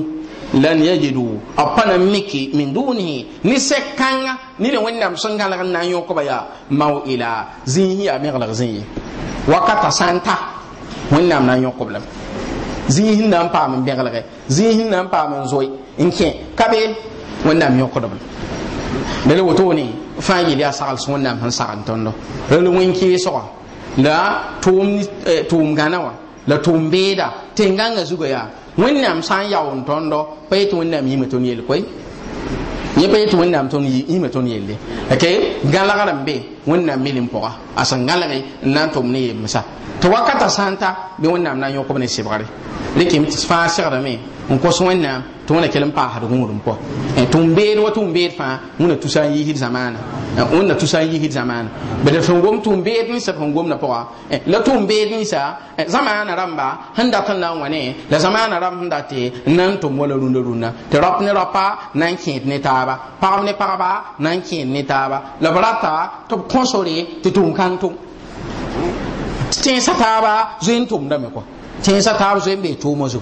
lan yajidu apana miki min dunihi ni sekanga ni le wanda msanga la na yo ko baya ma ila zinhi ya megla zinhi wakata santa wanda na yo ko blam zinhi nan pa min begla ga zinhi nan pa min zoi inke kabe wanda mi yo ko blam dele woto ni fa yi ya sagal sun wanda han eh, sagal tondo rele winki so la tum tum ganawa la tʋʋm beeda tɩ n gãngã zugã yaa wẽnnaam sã n yaoon tõndo pa yetɩ wẽnnaam yĩme tõnd yel koy yẽ pa yetɩ wẽnnaam tõnd yĩme tõnd yelle ok gãlgr n be wẽnnaam mil n pʋga a sẽn gãlge n na n tʋm ne yembsa tɩ wakata sã n ta bɩ wẽnnaam na n yõkb ne sebgre rɩkɩm tɩ fãa segdame n kos wẽnnaam tɩ wẽna kell n paasd gũudum pɔ tɩ n beed wa tɩ n beed fãa wẽna tusa n yiisd zamaana wẽnna tusa n yiisd zamaana bd sẽn gom tɩ n beed ninsã sẽn gomda pʋga la tɩ n beed ninsã zamaana rãmba sẽn dat n na n wa ne la zamaana rãmb sẽn dat tɩ n na n tʋm wala rũndã rũndã tɩ rap ne rapa na n kẽed ne taaba pagb ne pagba na n kẽed ne taaba la b rata tɩ b kõsore tɩ tʋʋm kãn tʋm tɩ tẽesa taaba zoe n tʋmdame kɔ tẽ sa taab zoe n bee tʋʋmã zo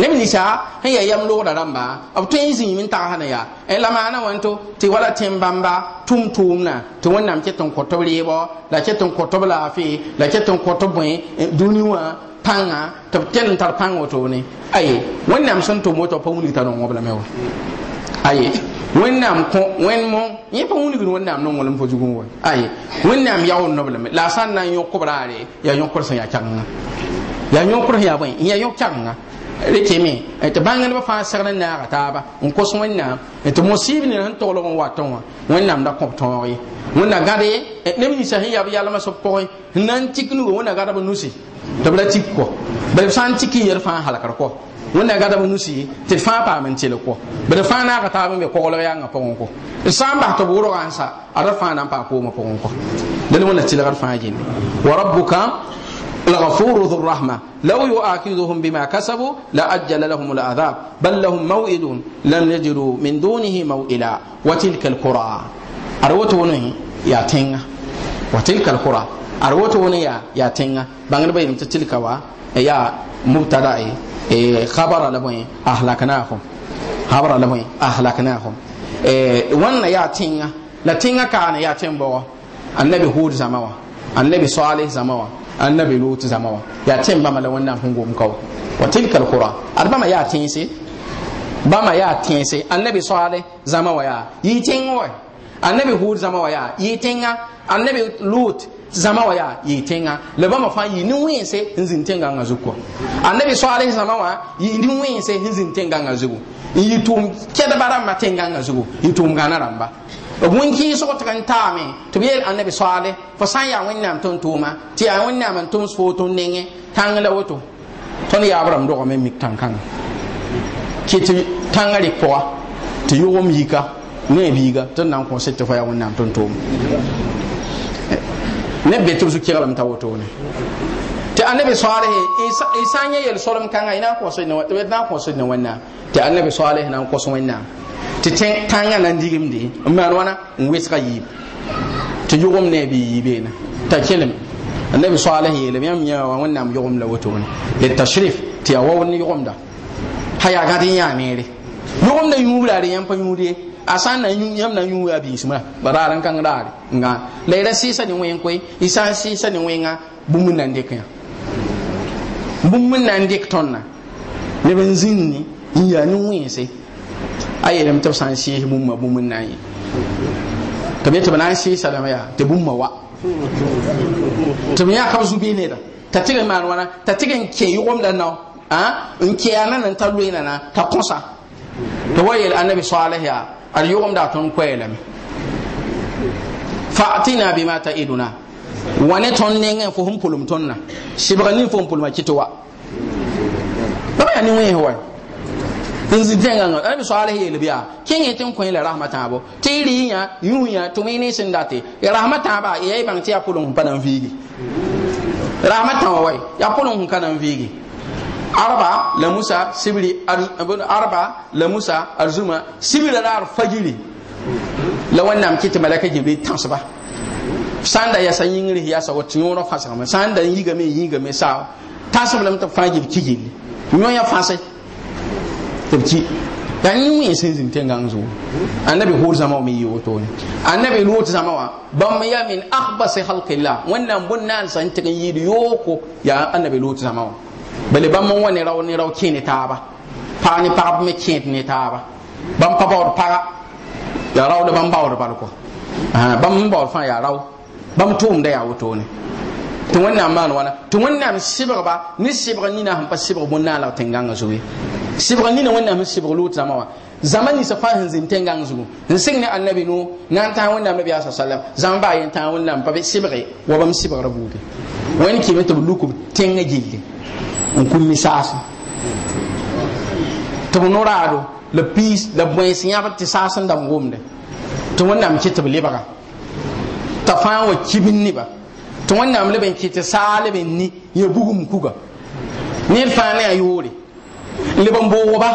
neb ninsã sẽn yaa yam logra rãmba b tõe n zĩim n tagsã na yaa la maana wẽn to tɩ wala tẽm bãmba tʋm tʋʋmdã tɩ wẽnnaam ket n kõ b reebɔ la ket n kõ b laafɩ la ket n kõ tɩ bõe dũni wã pãngã tɩ b tẽl n tar pãng wẽnnaam sẽn tʋm woto pa wilg nong-b lame wa aye wẽnnaam kõ wẽnd mõng yẽ pa wilgd wẽnnaam nonglem fo zugẽ wa aye wẽnnaam la a sã n na n yõk raare yaa yõkbr sẽn yaa kãngã ya yõkr sẽn ya bõe n ya yõk kãgenga rekeme tɩ bãngdbã fãa segd n naaga taaba n kos wẽnnaam tɩ mosɩɩb nin sẽn toglg n watẽ wã wẽnnaam da kõb tõog e ye wẽnna gãd ye neb ninsã sẽn yab yalmã sb pʋgẽ sẽn na n tik nuga wẽnna gãdb nusi tɩ b la tik kɔ bal b sã n tik n yer fãa halkr kɔ wẽnna gãdb nusi tɩ d fãa paam n telg kɔ bd fãa naaga taab n be koglb yaangã pʋgẽ kɔ d ko n bas tɩ b wʋrgã n sa ad fãa na n paam koomã pʋgẽ kɔ dẽl wẽnna tɩlgd fãa gelle wa rabbuka الغفور ذو الرحمة لو يؤاخذهم بما كسبوا لأجل لهم العذاب بل لهم موئل لن يجدوا من دونه موئلا وتلك القرى أروتوني يا تنغ وتلك القرى أروتوني يا يا تنغ بانغر بين تلك وا يا مبتدا خبر لبوين أهلكناهم خبر لبوين أهلكناهم وانا يا تنغ لا تنغ كان يا تنبوا النبي هود زمان annabi salih zamawa annabi lut zamawa ya tin bama la wannan hungo gom kawo wa tilka alqura arbama ya tin se bama ya tin se annabi salih zamawa ya yi tin wa annabi hud zamawa ya yi ga annabi lut zamawa ya yi ga le bama fa yi ni wense nzin tinga nga zuko annabi salih zamawa yi ni wense nzin tinga nga zuko yi tum keda ma matenga nga zuko yi tum gana ramba wẽn-kɩɩ sg tɩg n taame tɩ an nabi annabi fa fo sã n yaa wẽnnaam tʋm tʋʋma tɩ wani wẽnnaam n tʋms foo tʋm nengẽ tan la woto tõnd yaab rãmb dogame mik tan kãngã kɩ tɩ tãngã rɩk pʋga ti yi yika ne biiga tɩ nan na se ta tɩ ya yaa nam ton tuma ne be su b zu-kɩglem t'a ne ti annabi soalh y sã n yẽ yel ne wato be na ko so ne wẽnnaam tɩ annabi sale na n kõs wẽnnaam tɩ kãngã na n digimde n maan wãna n wɩsga yiib tɩ yʋgem ne a bɩ yiibeene t'a kelem annabi salih yeelame yãmb yã wa wẽnnaam yʋgem la wotone letashrif tɩ yaa waood ne yʋgemda ha yaa gãd n yãa neere yʋgemda yũubra re yãmb pa yũud ye a sã n na yãmb na yũu a biismã ba raar n kãng raare n gã la y ra sɩɩsa ne wẽng koe y sã n sɩɩsa ne wẽngã bũmb n na n dɩk yã bũmb n na n dɩk tõndna leb n zĩnd ne n yaa ne wẽese Ayi yeelame tɩ san shi mun sɩɩs mun nayi to na n ye shi salama ya ta bun na n sɩɩsa dãmã yaa tɩ bũmba wa tɩ b yãka b zu-bɩɩ neda t'a tɩg ke maan wãna ke tɩg n kẽ yʋgemda nao n ta nana n tar loeena na t'a kõsa tɩ wa yel annabi saalih yaa ad yʋgemda a tõnd koɛɛlame fa'tina bima ta'iduna wa ne tõnd nengẽ fo sẽn pʋlem tõnd na sɩbga nin fo n pulma kitowa ba wa ni wai hawai tɩ zẽngãngã rab soalf yeelb yaa kẽ yẽ tɩ n kõ la rasmã tãabo tɩ y rɩɩ yã yũu yã tɩ me ne sẽn date rasmã tãabã ya y bãng tɩ yaa pʋlem sẽn pa na viigi rasmã tã wa wa yaa pʋlem ka viigi arba la musa sibri arba la musa arzuma sibri la ar fajiri la wannan kiti malaka jibril tansba sanda ya san yingri ya sa wata yoro fasa ma sanda yiga me yiga me sa tasblam ta fajib kigil ya fasa tɩ b ki yaa yẽ wẽ sẽn zĩnd tẽngãng zugu annabi hoor zama wã me yɩ wotone annabi loot zãma wã bãmb yaa min ahbase halkilla wẽnnaam bõn-naan sã n tɩg n yɩɩd yooko yaa annabi loot zãma wã bale bãmb n wa ne rao ne rao kẽ ne taaba pag ne pagb me kẽed ne taaba bãmb pa baood paga yaa rao la bãmb baood balko bãmb n baood fãa yaa rao da ya wato ne tɩ wẽnnaam maan wãna tɩ wẽnnaam sɩbgba ne sɩbg nina sẽn pa sɩbg bõn-naalg tẽngãngã zoe sɩbg nina wẽnnaam sẽn sɩbg loot zãma wã zãma ninsã fãa sẽn zĩnd tẽngãng zugu n sɩng ne annabi nuu na n tãag wẽnnaam nabi asa salam zãm baa yen tãag wẽnnaam pa be sɩbge wa bãmb sɩbgra buude wẽnd kɩme tɩ b lukb tẽngã gilli n kũn misaasẽ tɩ b noraado la piis la bões yãbd tɩ saas n dãmb wʋmde tɩ wẽnnaam kɩ tɩ b lebga t'a fãa wa kibn ba tɩ wẽnnaam leb n ya tɩ saalb n ni ya bugum kuga ned fãa ne a yoore leb n boogba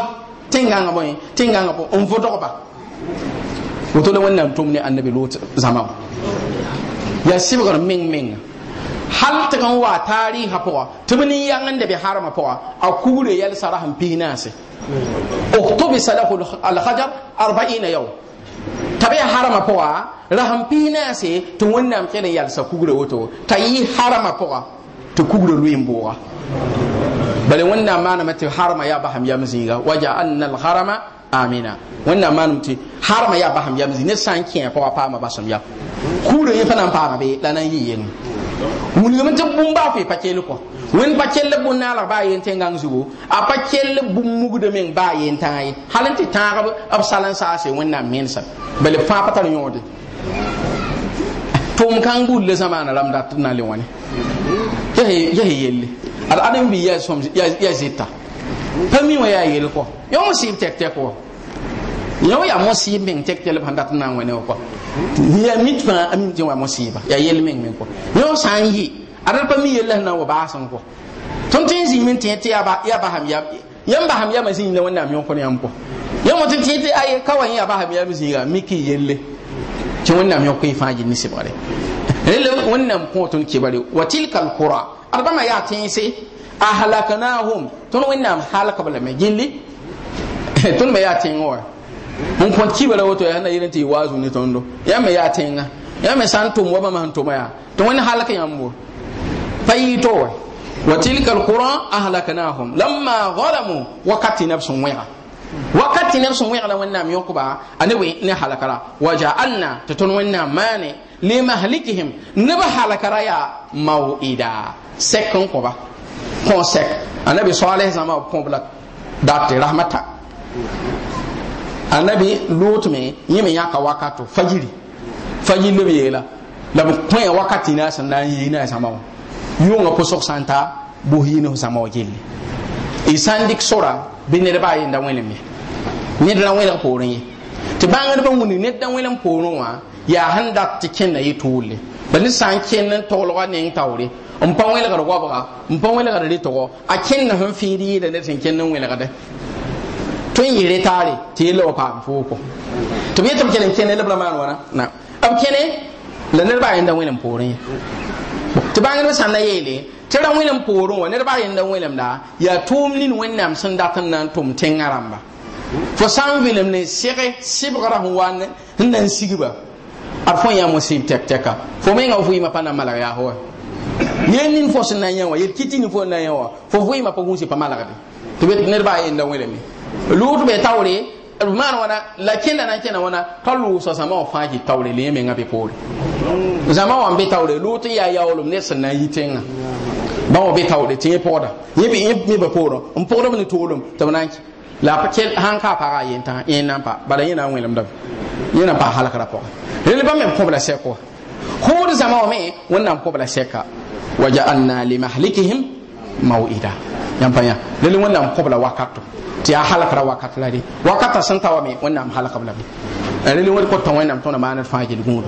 tẽngãngã bõe tẽngãngã bõ n vʋdgba woto la wẽnnaam tʋm ne annabi lot zãma wã yaa sɩbgr meng menga hal tɩg n wa taariisã pʋga tɩ b nin da be harmã pʋga a kugre yɛl sara sẽn pis naase lahu alhajar arbaina yau. t'a harama Powa, raham pina se to wonna am n yalsa kugure woto t'a yi harama Powa to kugure loeen bʋʋga bale wonna mana mate harama ya basam yam zĩiga wa jaalna Harama amina wonna mana mate harama ya baham ya mziga ne sanki n kẽ pama basam ya kure kugra yẽ na be lanan yi n yɩ yengẽ wilgame tɩ bũmb baa ko wen pa kelle bun na la ba yen tengang zugo a pa kelle bum mugde men ba yen tay halen ti tarab ab salan sa se wen na men sa bele fa pa tan yode tum kan bul le zamana ram da tan le wani yehe yehe yelle al adam bi ya som ya ya zita pami wa ya yel ko yo mo sim tek tek ko yo ya mo sim men tek tek le handa tan wani ko ya mitfa amin ti wa mo siba ya yel men men ko yo san yi adal pa mi yella na wa basan ko ton tin zi min tin ti aba ya ba ham ya yan ba ham ya ma zin la wannan mi ko ne am ko yan mutun tin ti aye kawan ya ba ham ya mi zin ga miki yelle ci wannan mi ko ifaji ni se bare (laughs) yelle wannan ko tun ki bare wa tilkal qura arbama ya tin se ahlaknahum tun wannan halaka bala me gilli (laughs) Tun me ya tin wa mun ko ki bare wato ya na yirin ti wazu ni tondo ya me ya tin ya me san tum wa ba man tum ya to wannan halaka yambo payito wa tilka alqura ahlaknahum lamma zalamu waqati nafsun wa'a wakati neb sẽn la wẽnnaam yõkba a wi ne halakara wa ja'alna tatun tõnd wẽnnaam maane le mahlikihim neb halakara ya maw'ida sekon ko ba kon sek anabi soalh zãma b kõb la dat rahmata anabi lutme yimi yẽ me yãka wakato fajiri Fajiri leb yeela la b kõe wakati na san na yi. na zãma wã yʋngã pʋsg sã n ta bʋs yɩ ne f zãma wã gelle y sã n dɩk sora bɩ nedbã a yenda wẽlem ye ned ra wẽlg poorẽ ye tɩ bãngdbã wing ned da wẽlem poorẽ wã yaa sẽn dat tɩ kẽnda yetoolle ba ne sã n kẽnd n toglga neng taoore n pa wẽlgd goabga n pa wẽlgd retgo a kẽnda sẽn fɩɩd yɩɩda ned sẽn kẽnd n wẽlgde tõe n yɩs retaare tɩ yella wa paam fooko tɩ b yetɩ b kell n kẽne lebra maan wãna b kẽne la nedbã a yẽnda wẽlem poorẽ ye tɩ bãngdb sãn na yeele tɩ ra wẽnem poorẽ wã nedbã yẽnda wẽlemda yaa tʋʋm nin wẽnnaam sẽn dat n na n tʋm tẽngã rãmba fo sã n vɩlem ne sɩge sɩbgrã sẽn wa n na n sigba ad fõ n yaa mosɩɩb tɛk-tɛka fo menga vɩɩmã pa na n malg yaas wa yel nin fo sẽn na n yã wã yel kiti nin fo n na n wã fo vɩɩmã pa gũusi pa malgbe tɩ nedbã a yẽnda wẽleme luud be taoore maan wana la kẽnda na n kẽna wãna pa loogsa zãma wã fãa yɩ taoore le yẽ menga be poore zãma wã n be taoore loog tɩ yaa yaoolem ned sẽn na n yɩ tẽngã bã wã be taoore tɩ yẽ pʋgda yẽ me ba poorem n pʋgdb ne toolem tɩ b na n kẽ la sãn kaa paga a yentã yẽ na n pa bala yẽ na n wẽlemdame yẽ na n pa halgrã pʋgẽ rel bãmb me n kõbla sɛk wa hood zãma wã me wẽnnaam kõbla sɛka wa ja'alna limahlikihim maw'ida yãmb pa yã rel wẽnnaam kobla wakato tɩ yaa halkra la re wakata sẽn ta wa me wẽnnaam halkb la me eh, rel wẽd kota wẽnnaam tõna maan d fãa gel gũudu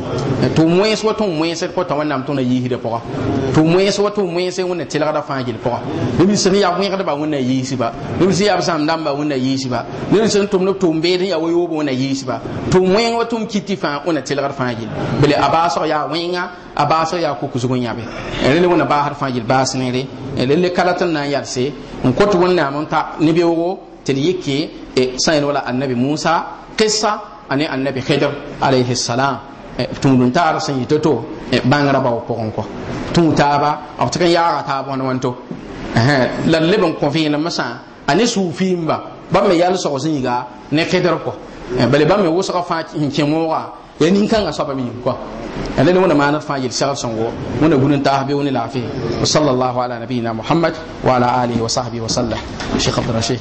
kiti a baasg yaa wẽnga a n kot wẽnnaam n ta ne-beoogo tɩ d yɩke sã yel wala annabi musa Kisa a ne annabi hidr alayhi salam tũud n taar sẽn yɩ to-to bãngrã bao pʋgẽ kɔ tũu taaba b tɩk n yaaga taab wãn wãn to la leb n kõ vẽelemã a ne suufiimba bãmb me yal sog sẽn yiga ne hidr kɔ e, bale bãmb me wʋsga fãa n kẽ ya kan soaba mi yĩng kɔa ne wẽna maaned fãa yel segb sẽn wo wẽna ala nabiyina muhammad wa ala alihi wa sahbihi wa sallam abdurashid